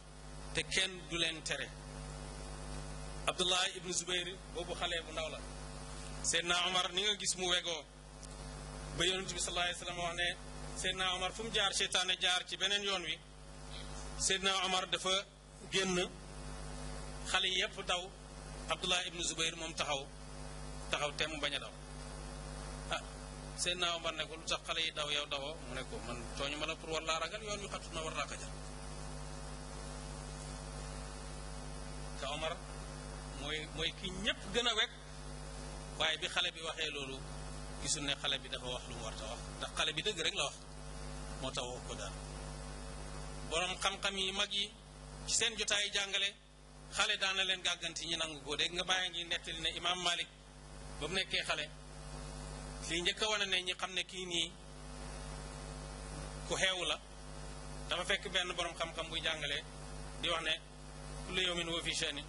te kenn du leen tere abdullah ibnu zubayr boobu xale bu ndaw la na omar ni nga gis mu wegoo ba yonent bi sallallahu alayhi omar fu mu jaar seytaane jaar ci beneen yoon wi seydna omar dafa génn xale yépp daw abdullah ibnu zubayr moom taxaw taxaw te mu bañ a daw ah seydna omar ne lu tax xale yi daw yow dawoo mu ne ko man tooñu ma la pour war laa ragal yoon wi xatut na war laa ko te Omar mooy mooy ki ñépp gën a wekk waaye bi xale bi waxee loolu gisul ne xale bi dafa wax lu mu war wax ndax xale bi dëgg rek la wax moo tax wax ko daal boroom xam-xam yi mag yi ci seen jotaayu jàngale xale daana leen gàgganti ñi nangu ko dégg nga bàyyi ngi nettali ne imaam Malik ba mu nekkee xale lii njëkk a wane ne ñi xam ne kii nii ku xeewu la dafa fekk benn boroom xam-xam buy jàngale di wax ne kulli yawmin wa fi sha'nin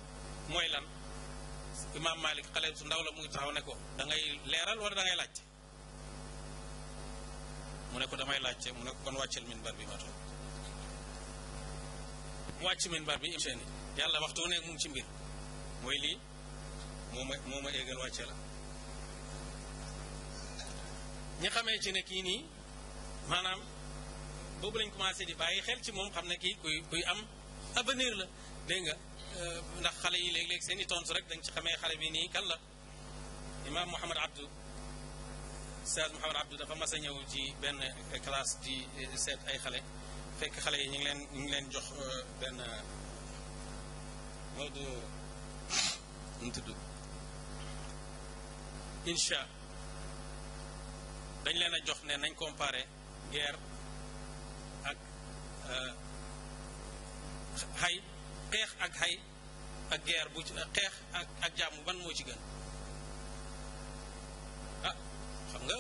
mooy lan imaam Malik xale su ndaw la mu ngi taxaw ne ko da ngay leeral wala da laajte mu ne ko damay laajte mu ne kon wàccel minbar bi ma toog mu wàcc minbar bi imseeni yàlla waxtu nekk mu ngi ci mbir mooy lii moo ma moo ma ñi xamee ci ne kii nii maanaam boobu lañ commencé di bàyyi xel ci moom xam ne kii kuy am avenir la dégg nga ndax xale yi léeg-léeg seen i tontu rek dañ ci xamee xale bi nii kan la imaam Mouhamad Abdou Saad Mouhamad Abdou dafa mas a ñëw ci benn classe di seet ay xale fekk xale yi ñu ngi leen ñu ngi leen jox benn Maodo nu tudd incha dañ leen a jox ne nañ comparé guerre ak xay xeex ak xay ak guerre bu xeex ak ak jàmm ban moo ci gën ah xam nga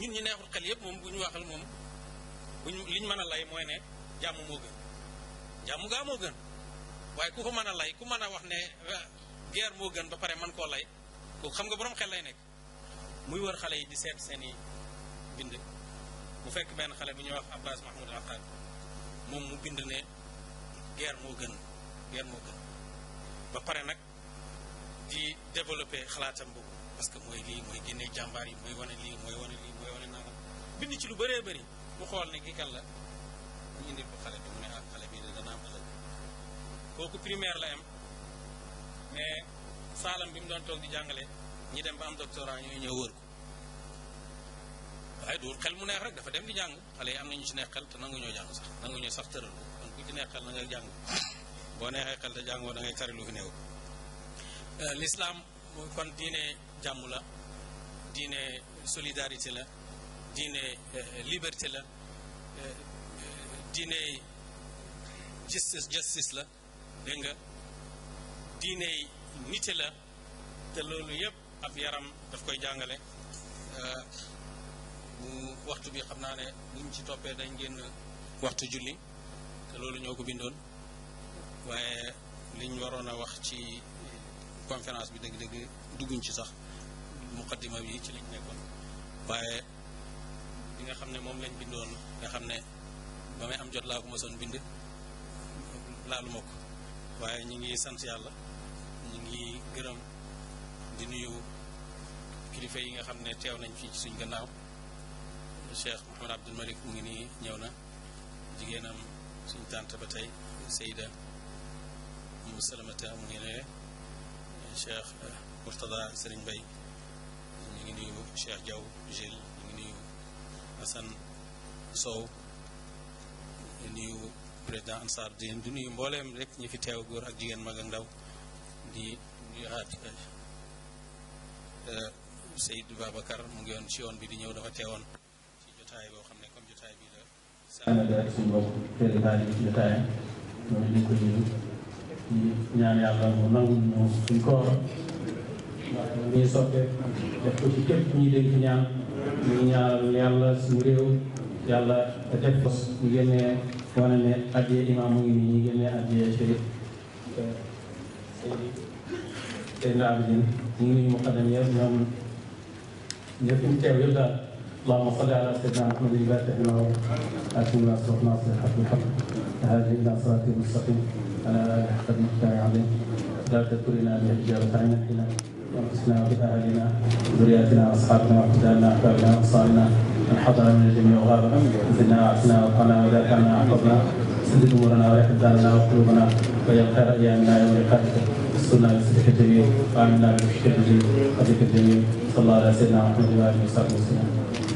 ñun ñu neexul xel yépp moom bu waxal moom buñ liñ mën a lay mooy ne jàmm moo gën jàmm gaa moo gën waaye ku ko mën a lay ku mën a wax ne ah, guerre moo gën ba pare man koo lay kooku xam nga borom xel lay nekk muy wër xale yi di seet seen i bind mu fekk benn xale bu ñuy wax abbas mahmoud aqad moom mu bind ne guerre moo gën yan moo gën ba pare nag di développer xalaatam boobu parce que mooy lii mooy génne jàmbaar yi mooy wane lii mooy wane lii mooy wane naa la bind ci lu bëree bëri mu xool ne kii kan la ñu bi mu ne ah xale bi dana am la am mais saalam bi doon toog di jàngale ñi dem ba am doctorat ñooy ñëw wër ko waaye du xel mu neex rek dafa dem di jàng xale yi am nañu ci neex xel te nangu ñoo jàng sax nangu ñoo sax tëral kon ku ci neex xel na nga jàng boo neexee xel te jàngoo da ngay tari lu néew euh, lislaam kon diine jàmm la diine solidarité la diine euh, liberté la euh, diine justice justice la dégg nga diine nite la te loolu yëpp ab yaram daf koy jàngale bu waxtu bi xam naa ne buñ ci toppee dañ génn waxtu julli te loolu ñoo ko bindoon waaye liñ waroon a wax ci conférence bi dëgg-dëgg dugguñ ci sax muqaddima bi ci lañ nekkoon waaye li nga xam ne moom lañ bindoon nga xam ne ba may am jot laa ko mosoon bind laalu ko waaye ñu ngi sant yàlla ñu ngi gërëm di nuyu kilifa yi nga xam ne teew nañ fii ci suñ gannaaw Cheikh Mouhamad Abdoul Malik mu ngi nii ñëw na jigéenam suñ tànt ba tey Seyda musalamata mu ngi ne Cheikh Mourtada Serigne Mbaye ñu ngi nuyu Cheikh Diaw Gilles ñu ngi nuyu Assane Sow ñu nuyu président Ansar Dine di nuyu mbooleem rek ñi fi teew góor ak jigéen mag ak ndaw di xaat Seydou Babacar mu ngi yoon ci yoon bi di ñëw dafa teewoon ci jotaay boo xam ne comme jotaay bi la. sànni daal suñu bopp président bi ci jotaayam ñooñu ñu ko nuyu. di ñaan yàlla mu nangu ñu suñ koor ndax mu ngi sottee def ko ci képp ñuy dégg ñu ngi ñaan yàlla suñu réew yàlla def ko ñu génnee wane ne addiyee imaam mu ngi nii ñu génnee addiyee chérif Seydina Abidine ñu ngi nuyu muqaddam yëpp ñoom ñëpp ñu teew yëpp daal اللهم صل على سيدنا محمد الفاتح لما هو اتم ناصر حق الحق هذه الى صراط المستقيم على اله حق المختار عليه لا تذكرنا بالاجابه عين الحلال وانفسنا وباهلنا وذرياتنا واصحابنا واقدامنا احبابنا وانصارنا من حضر من الجميع وغابنا زدنا وعسنا وقنا ودافعنا وعقبنا سدد امورنا دارنا وقلوبنا ويقهر ايامنا يوم لقائك استرنا بصدق الجميل وامنا بالشكر الجميل صدق الجميل صلى الله على سيدنا محمد واله وصحبه وسلم